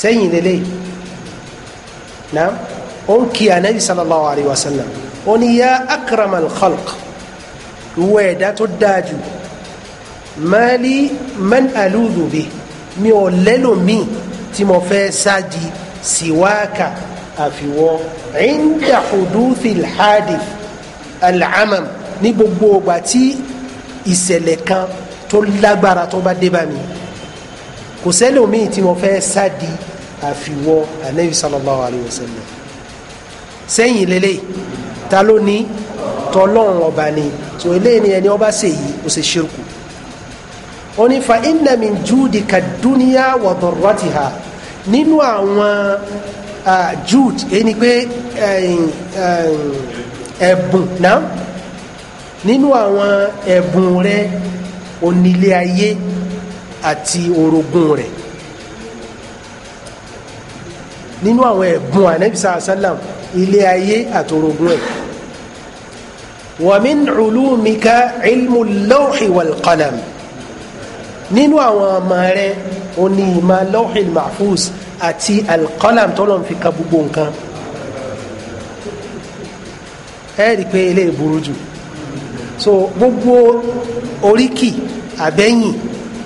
sẹ́yìn lélẹ́yìí náà ó ń kí anabi sallallahu alayhi wa sallam ó ní yá akramal khalq ìwọ ẹ̀dá tó dáa jù mali man aludhu bi mi ò lẹ́lòmíì tí mo fẹ́ sáàdì siwaka àfiwọ́ inda huduthi alhadith al'amam ní gbogbo ọgbà tí ìṣẹ̀lẹ̀ kan tó lágbára tó bá dé bá mi kò sẹ́lòmíì tí mo fẹ́ sáàdì àfiwọ́ anabi sallallahu alayhi wa sallam sẹ́yìn lélẹ̀ ta ló ní tọ́lọ́run ọba ni tó eléyìí ni ẹni ọba ṣe yìí ó ṣe ṣírkù ó ní fa inna min judika dúníà wa darratiha nínú àwọn jude ẹni pé ẹ̀bùn náà nínú àwọn ẹ̀bùn rẹ̀ onílé ayé àti orogún rẹ̀ nínú àwọn ẹ̀bùn ànábìsà àsálàm ilé ayé àtòrògùn ẹ̀ wa min ulumika ilmu lawhi wal qalam nínú àwọn ọmọ rẹ̀ o ní ìmọ̀ lawhi mahfuz àti alqalam tọ́lọ̀ fi ka gbogbo nǹkan ẹ rí pé ilé ìburú jù so gbogbo oríkì àbẹ́yìn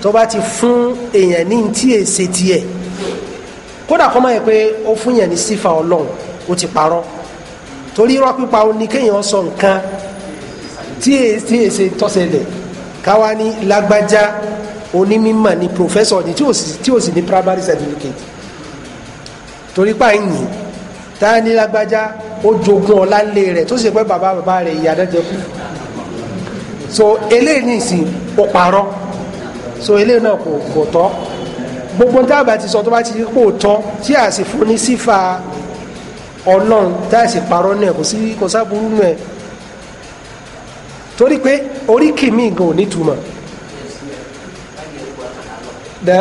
tó bá ti fún èèyàn ní ti èsè tiẹ̀ kódà kọ́ máa yẹ pé ó fún yẹn ní sífà ọlọ́run ó ti parọ́ torí irọ́ pípa ó ní kéèyàn sọ nǹkan tí èsì èsì tọ́sẹ̀lẹ̀ káwa ní lágbájá onímọ̀ ní professor ni tí ò sì ní primary certificate torí pààyàn táyà ní lágbájá ó jogún ọlá ńlé rẹ̀ tó sì pé bàbá bàbá rẹ̀ ìyá dájẹ́ kú so eléyìí nìsín ó parọ́ so eléyìí náà kò tọ́ gbogbo tá a bá ti sọ tó bá ti pò tọ́ tí a sì fún ní sífà ọlọ́run tá a sì parọ́ náà kò sí kò sábúrú náà torí pé oríkì mi gan ò nítumọ̀ dá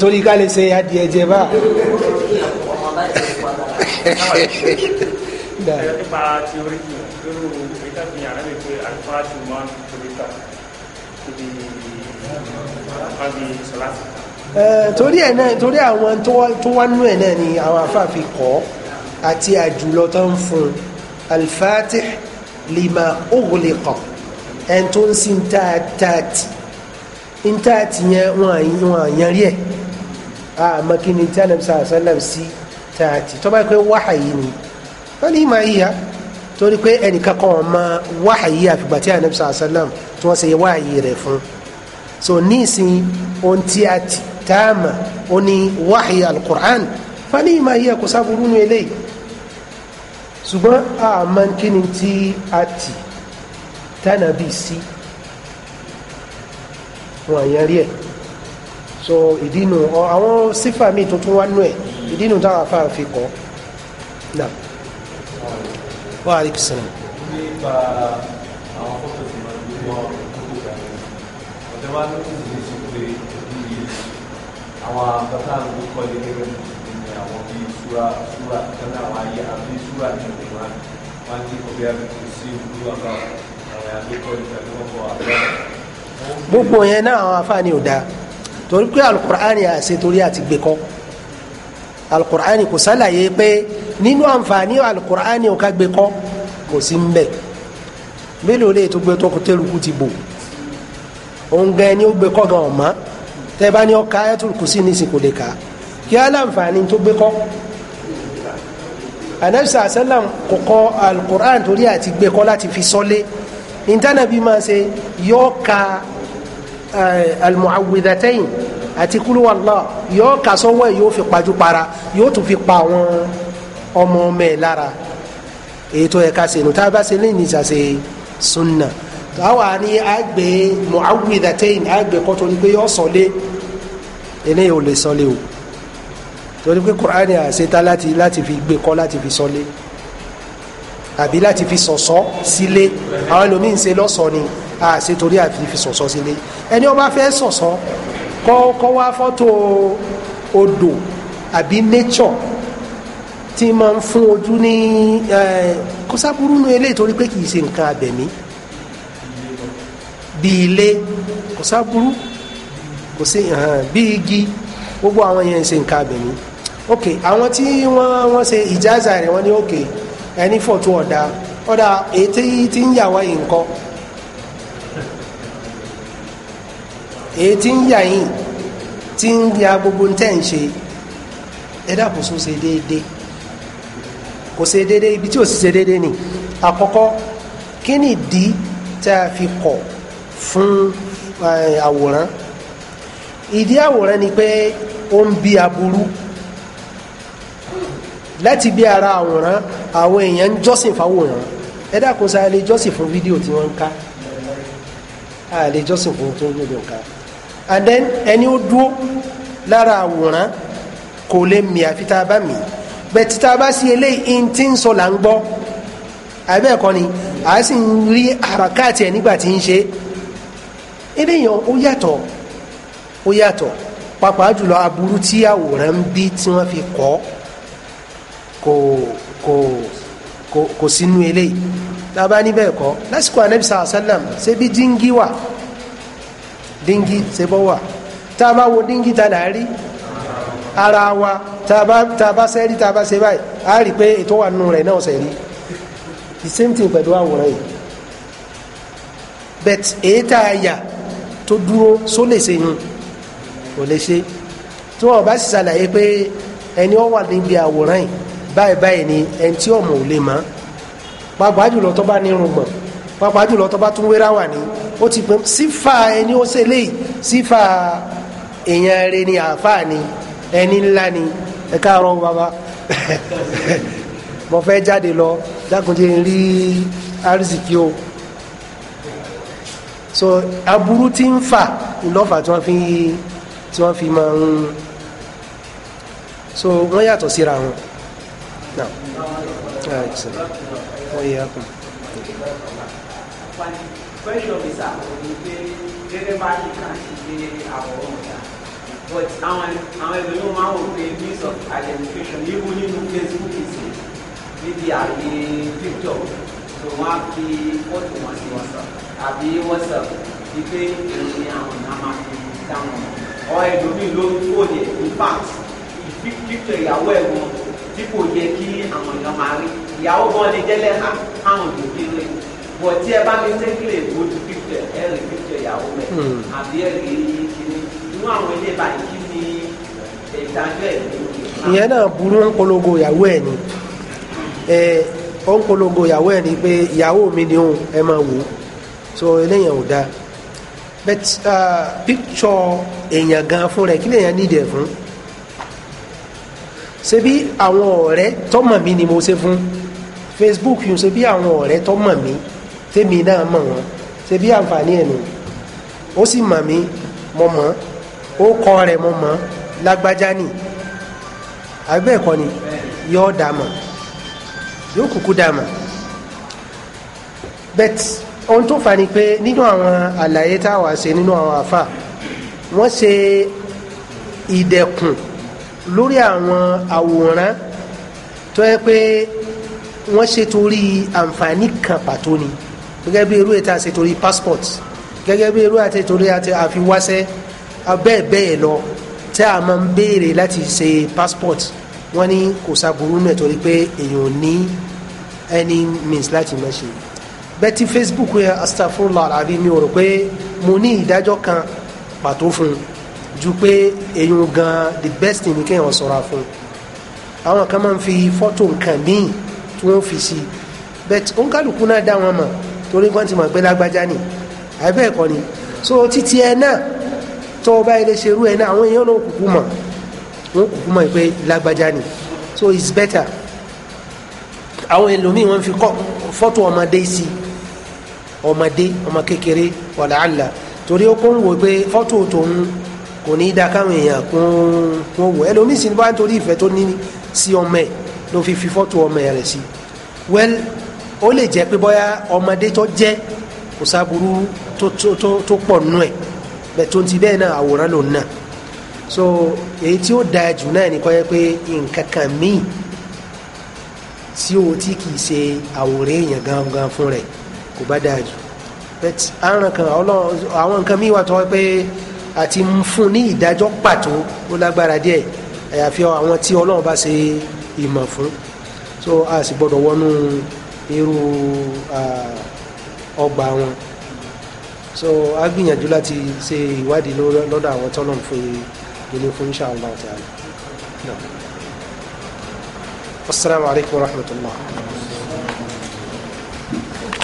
torí ká lè ṣe adìẹ jẹ bá. nípa ti oríkì irú ìtàkùn yàrá mi pé alifáàtì máa ń torí ta níbi àbí sọláṣì. torí ẹ̀ náà torí àwọn tó wá nú ẹ̀ náà ni àwọn afáàfi kọ́ àti àjùlọ tó ń fún alifáàtì lima ughliqa ẹni tó ń sin táàtì ntaati yẹn wọn àyànrí ẹ a makini tí a nàbisa àṣálàm sí taati tọ́ba pé wáhàyí ni wọ́n ní ìmọ̀ yìí ya torí pé ẹnìkan kan ọmọ wáhàyí àfìgbà tí anabi sàlá sàlám tí wọ́n ṣe wáhàyí rẹ̀ fún so nísìnyí ohun tí a ti tá a mà ó ní wáhàyí alukur'an fani ìmọ̀ ayé kò sábúrú nu eléyìí ṣùgbọ́n a máa ń kíni tí a ti tánàbí sí wọn àyàn rí ẹ̀ so ìdínú àwọn sífà míì tuntun wá nú ẹ̀ ìdínú táwọn afáàfin kọ́ náà wa aleykum salaam. nípa àwọn fọ́tò tí wọ́n ń gbọ́ kókó kan ọ̀dọ́ wa ló ń lè sọ pé bí àwọn bàtà ń kọ́ ilé gẹ́gẹ́ ní àwọn bí súra gbogbo yẹn náà àwọn afáàní ò dáa torí pé alukur'ani àṣẹ torí àti gbẹkọ alukur'ani kò sálàyé pé nínú àǹfààní alukur'ani ò ká gbé kọ́ kò sí ń bẹ̀ mélòó lè tó gbé tó kó tẹ́lùkù ti bò òun gan ni ó gbé kọ́ gan ọ̀mọ́ tẹ́ bá ní ọkà ayatul kùsí nísìn kò lè kà kí á láǹfààní tó gbé kọ́ anabisa asalam kò kọ́ alukur'an torí àti gbé kọ́ láti fi sọ́lé ìtànàbí máa ṣe yọ ka eh, almuawidatayin àti kúlúwàlá yóò kà sọ́wọ́ yóò fi pajú para yóò tún fi pa àwọn ọmọ ọmọ ẹ̀ lára èyí tó yẹ tá a bá ṣe lẹ́yìn ìṣàṣe sunna àwa ni àgbẹ̀ mu'awwidhatayn àgbẹ̀ kọ́tọ́ ni pé yóò sọlé eléyìí ò lè sọlé o torí pé kùránì àṣetá láti láti fi gbé kọ́ láti fi sọlé àbí láti fi sọ̀sọ́ sílé àwọn ẹlòmíín ṣe lọ́sọ̀ọ́ ni àṣetorí àfi fi sọ̀sọ́ sílé ẹni ó fẹ́ sọ̀sọ́ kọ́ wá fọ́tò odò àbí nature tí ma ń fún ojú ní kó sábúrú nu eléyìí torí pé kìí ṣe nǹkan abẹ̀mí bí ilé kò sí bí igi gbogbo àwọn yẹn ṣe nǹkan abẹ̀mí ok àwọn tí wọ́n wọ́n ṣe ìjáza rẹ̀ wọ́n ní ok ẹni fọ́tò ọ̀dà ọ̀dà èyí tí ń yà wá yìí nǹkan èyí tí ń yà yín tí ń ya gbogbo tẹ́ ń ṣe ẹ̀dá kò sún ṣe déédé kò ṣe déédé ibi tí ò sì ṣe déédé ni àkọ́kọ́ kí ni ìdí tá a fi kọ̀ fún àwòrán ìdí àwòrán ni pé ó ń bí aburú láti bí ara àwòrán àwọn èèyàn ń jọ́sìn fáwòrán ẹ̀dá kò sáà lè jọ́sìn fún fídíò tí wọ́n ń ká a lè jọ́sìn fún tó ń gbọdọ̀ ká and then ẹni ó dúró lára àwòrán kò lè mì àfi tá a bá mì bẹ́ẹ̀ tí tá a bá sí eléyìí n ti ń sọ là ń gbọ́ àbẹ́ ẹ̀kọ́ ni a sì ń rí àràkáàtì ẹ̀ nígbà tí ń ṣe eléyìí ó yàtọ̀ ó yàtọ̀ pàápàá jùlọ aburú tí àwòrán ń bí tí wọ́n fi kọ́ kò kò kò kò sínú eléyìí tá a bá níbẹ̀ kọ́ lásìkò anabi sàlám ṣé bí díngí wà. Dingi ṣe bọ́ wà tá a bá wo dingi ta là á rí ara wa tá a bá ṣe rí tá a bá ṣe báyìí á rí pé ètò wà nù rẹ̀ náà ṣe rí the same thing pẹ̀lú àwòrán yìí bet èyí tá a yà tó dúró só lè ṣe yun kò lè ṣe tí wọn bá sì ṣàlàyé pé ẹni ọ wà níbi àwòrán yìí báyìí báyìí ni ẹni tí ọmọ ò lè mọ pàápàá jùlọ tó bá ní gbọ̀n pàápàá jùlọ tó bá tún wéra wà ní ó ti pè sífà ẹni ó ṣe léyìí sífà èèyàn rẹ ni àáfàá ni ẹni ńlá ni ẹ káàárọ̀ bàbá *laughs* mo fẹ́ jáde lọ jákùnjẹ ń rí arzikí so aburú ti ń fà ìlọ́fà tí wọ́n fi tí wọ́n fi máa ń so wọ́n yàtọ̀ síra wọn. Now, all right, so, oh, yeah, wájú question mi sà ò ní pé gẹ́gẹ́ bá ṣe kàn sí pé àwòrán ọ̀dà but àwọn àwọn ẹgbẹ̀rún máa ń wò pé means of identification even nínú Facebook ìsìn níbi àyè picture tó wọ́n á fi fọ́tò wọn sí WhatsApp àbí WhatsApp wípé ìròyìn àwọn náà máa fi dáhùn ọ ẹlòmíì ló ń kó yẹ in fact picture ìyàwó ẹ̀ wọn tí kò yẹ kí àwọn èèyàn bọ̀ tí ẹ bá mi tẹ́kìlẹ̀ tó ti pípẹ̀ ẹ rí pípẹ̀ ìyàwó mẹ́ hmm. àbí ẹ rí kíní inú àwọn ilé báyìí kí ni ìdájọ́ ẹ̀ ní. ìyẹn náà burú ń polongo ìyàwó ẹ̀ ni ẹ ó ń polongo ìyàwó ẹ̀ ni pé ìyàwó mi ni òun ẹ máa wò so eléyàn ò dáa but uh, picture èèyàn gan fún rẹ kí lèèyàn nídìí ẹ fún ṣe bí àwọn ọ̀rẹ́ tọ́mọ̀ mi ni mo ṣe fún Facebook yìí ṣe bí àwọn ọ̀rẹ́ tọ́mọ̀ mi tèmi náà mọ̀ wọ́n ṣe bí àǹfààní ẹ̀ nù ó sì mọ̀ mí mo mọ̀ ó kọ́ rẹ̀ mo mọ̀ lágbájá nì àbẹ́ ẹ̀kọ́ ni yóò dà mọ̀ yóò kúkú dà mọ̀ bẹ́t ohun tó fà ni pé nínú àwọn àlàyé táwa ṣe nínú àwọn àfà wọ́n ṣe ìdẹ̀kùn lórí àwọn àwòrán tó yẹ pé wọ́n ṣe torí àǹfààní kan pàtó ni gẹ́gẹ́ bí irú ètò àṣetorí passport gẹ́gẹ́ bí irú àṣetorí àfiwáṣẹ́ bẹ́ẹ̀ bẹ́ẹ̀ lọ tí a máa ń béèrè láti ṣe passport wọ́n ní kò sábúrú náà torí pé èèyàn ní any means láti máa ṣe bẹ́ẹ̀ tí Facebook yẹn astagfirullah àbí mi ò rò pé mo ní ìdájọ́ kan pàtó fún un ju pé èèyàn gan the best ni kéèyàn ṣọ́ra fún un àwọn kan máa ń fi fọ́tò nǹkan míì tí wọ́n fi sí bẹ́ẹ̀ tí òǹkàlùkù náà dá wọn mọ̀ torí wọ́n ti mọ̀ pé lágbájá ni àbẹ́ ẹ̀kọ́ ni so títí ẹ náà tó o bá ilé ṣerú ẹ náà àwọn èèyàn náà kúkú mọ̀ wọ́n kúkú mọ̀ pé lágbájá ni so it's better àwọn ẹlòmíì wọ́n fi kọ́ fọ́tò ọmọdé sí ọmọdé ọmọ kékeré wàlàhálà torí ó kó ń wò pé fọ́tò tòun kò ní í da káwọn èèyàn kún un wò ẹlòmíì sì bá ń torí ìfẹ́ tó ní sí ọmọ ẹ̀ ló fi fi fọ́tò ọmọ ẹ̀ rẹ̀ sí well ó lè jẹ́ pé bóyá ọmọdé tó jẹ́ kò sáburú tó pọ̀ nù ẹ̀ bẹ́ẹ̀ tó ń ti bẹ́ẹ̀ náà àwòrán lòun náà so èyí tí ó dáa jù náà ni kó jẹ́ pé nǹkan kan míì tí o ti kì í ṣe àwòrán èèyàn gangan fún rẹ̀ kò bá dáa jù àrùn kan àwọn nǹkan míì wà tó wọ́n pé àti fún ní ìdájọ́ pàtó ó lágbára díẹ̀ àyàfi àwọn tí Ọlọ́run bá ṣe ìmọ̀ fún so a sì gbọ́dọ̀ wọnú irú ọgbà wọn so a gbìyànjú láti ṣe ìwádìí lọ́dọ̀ àwọn tọ́lọ̀ fún ilé fún insha Allah ta'ala. Assalamu alaikum warahmatullahi.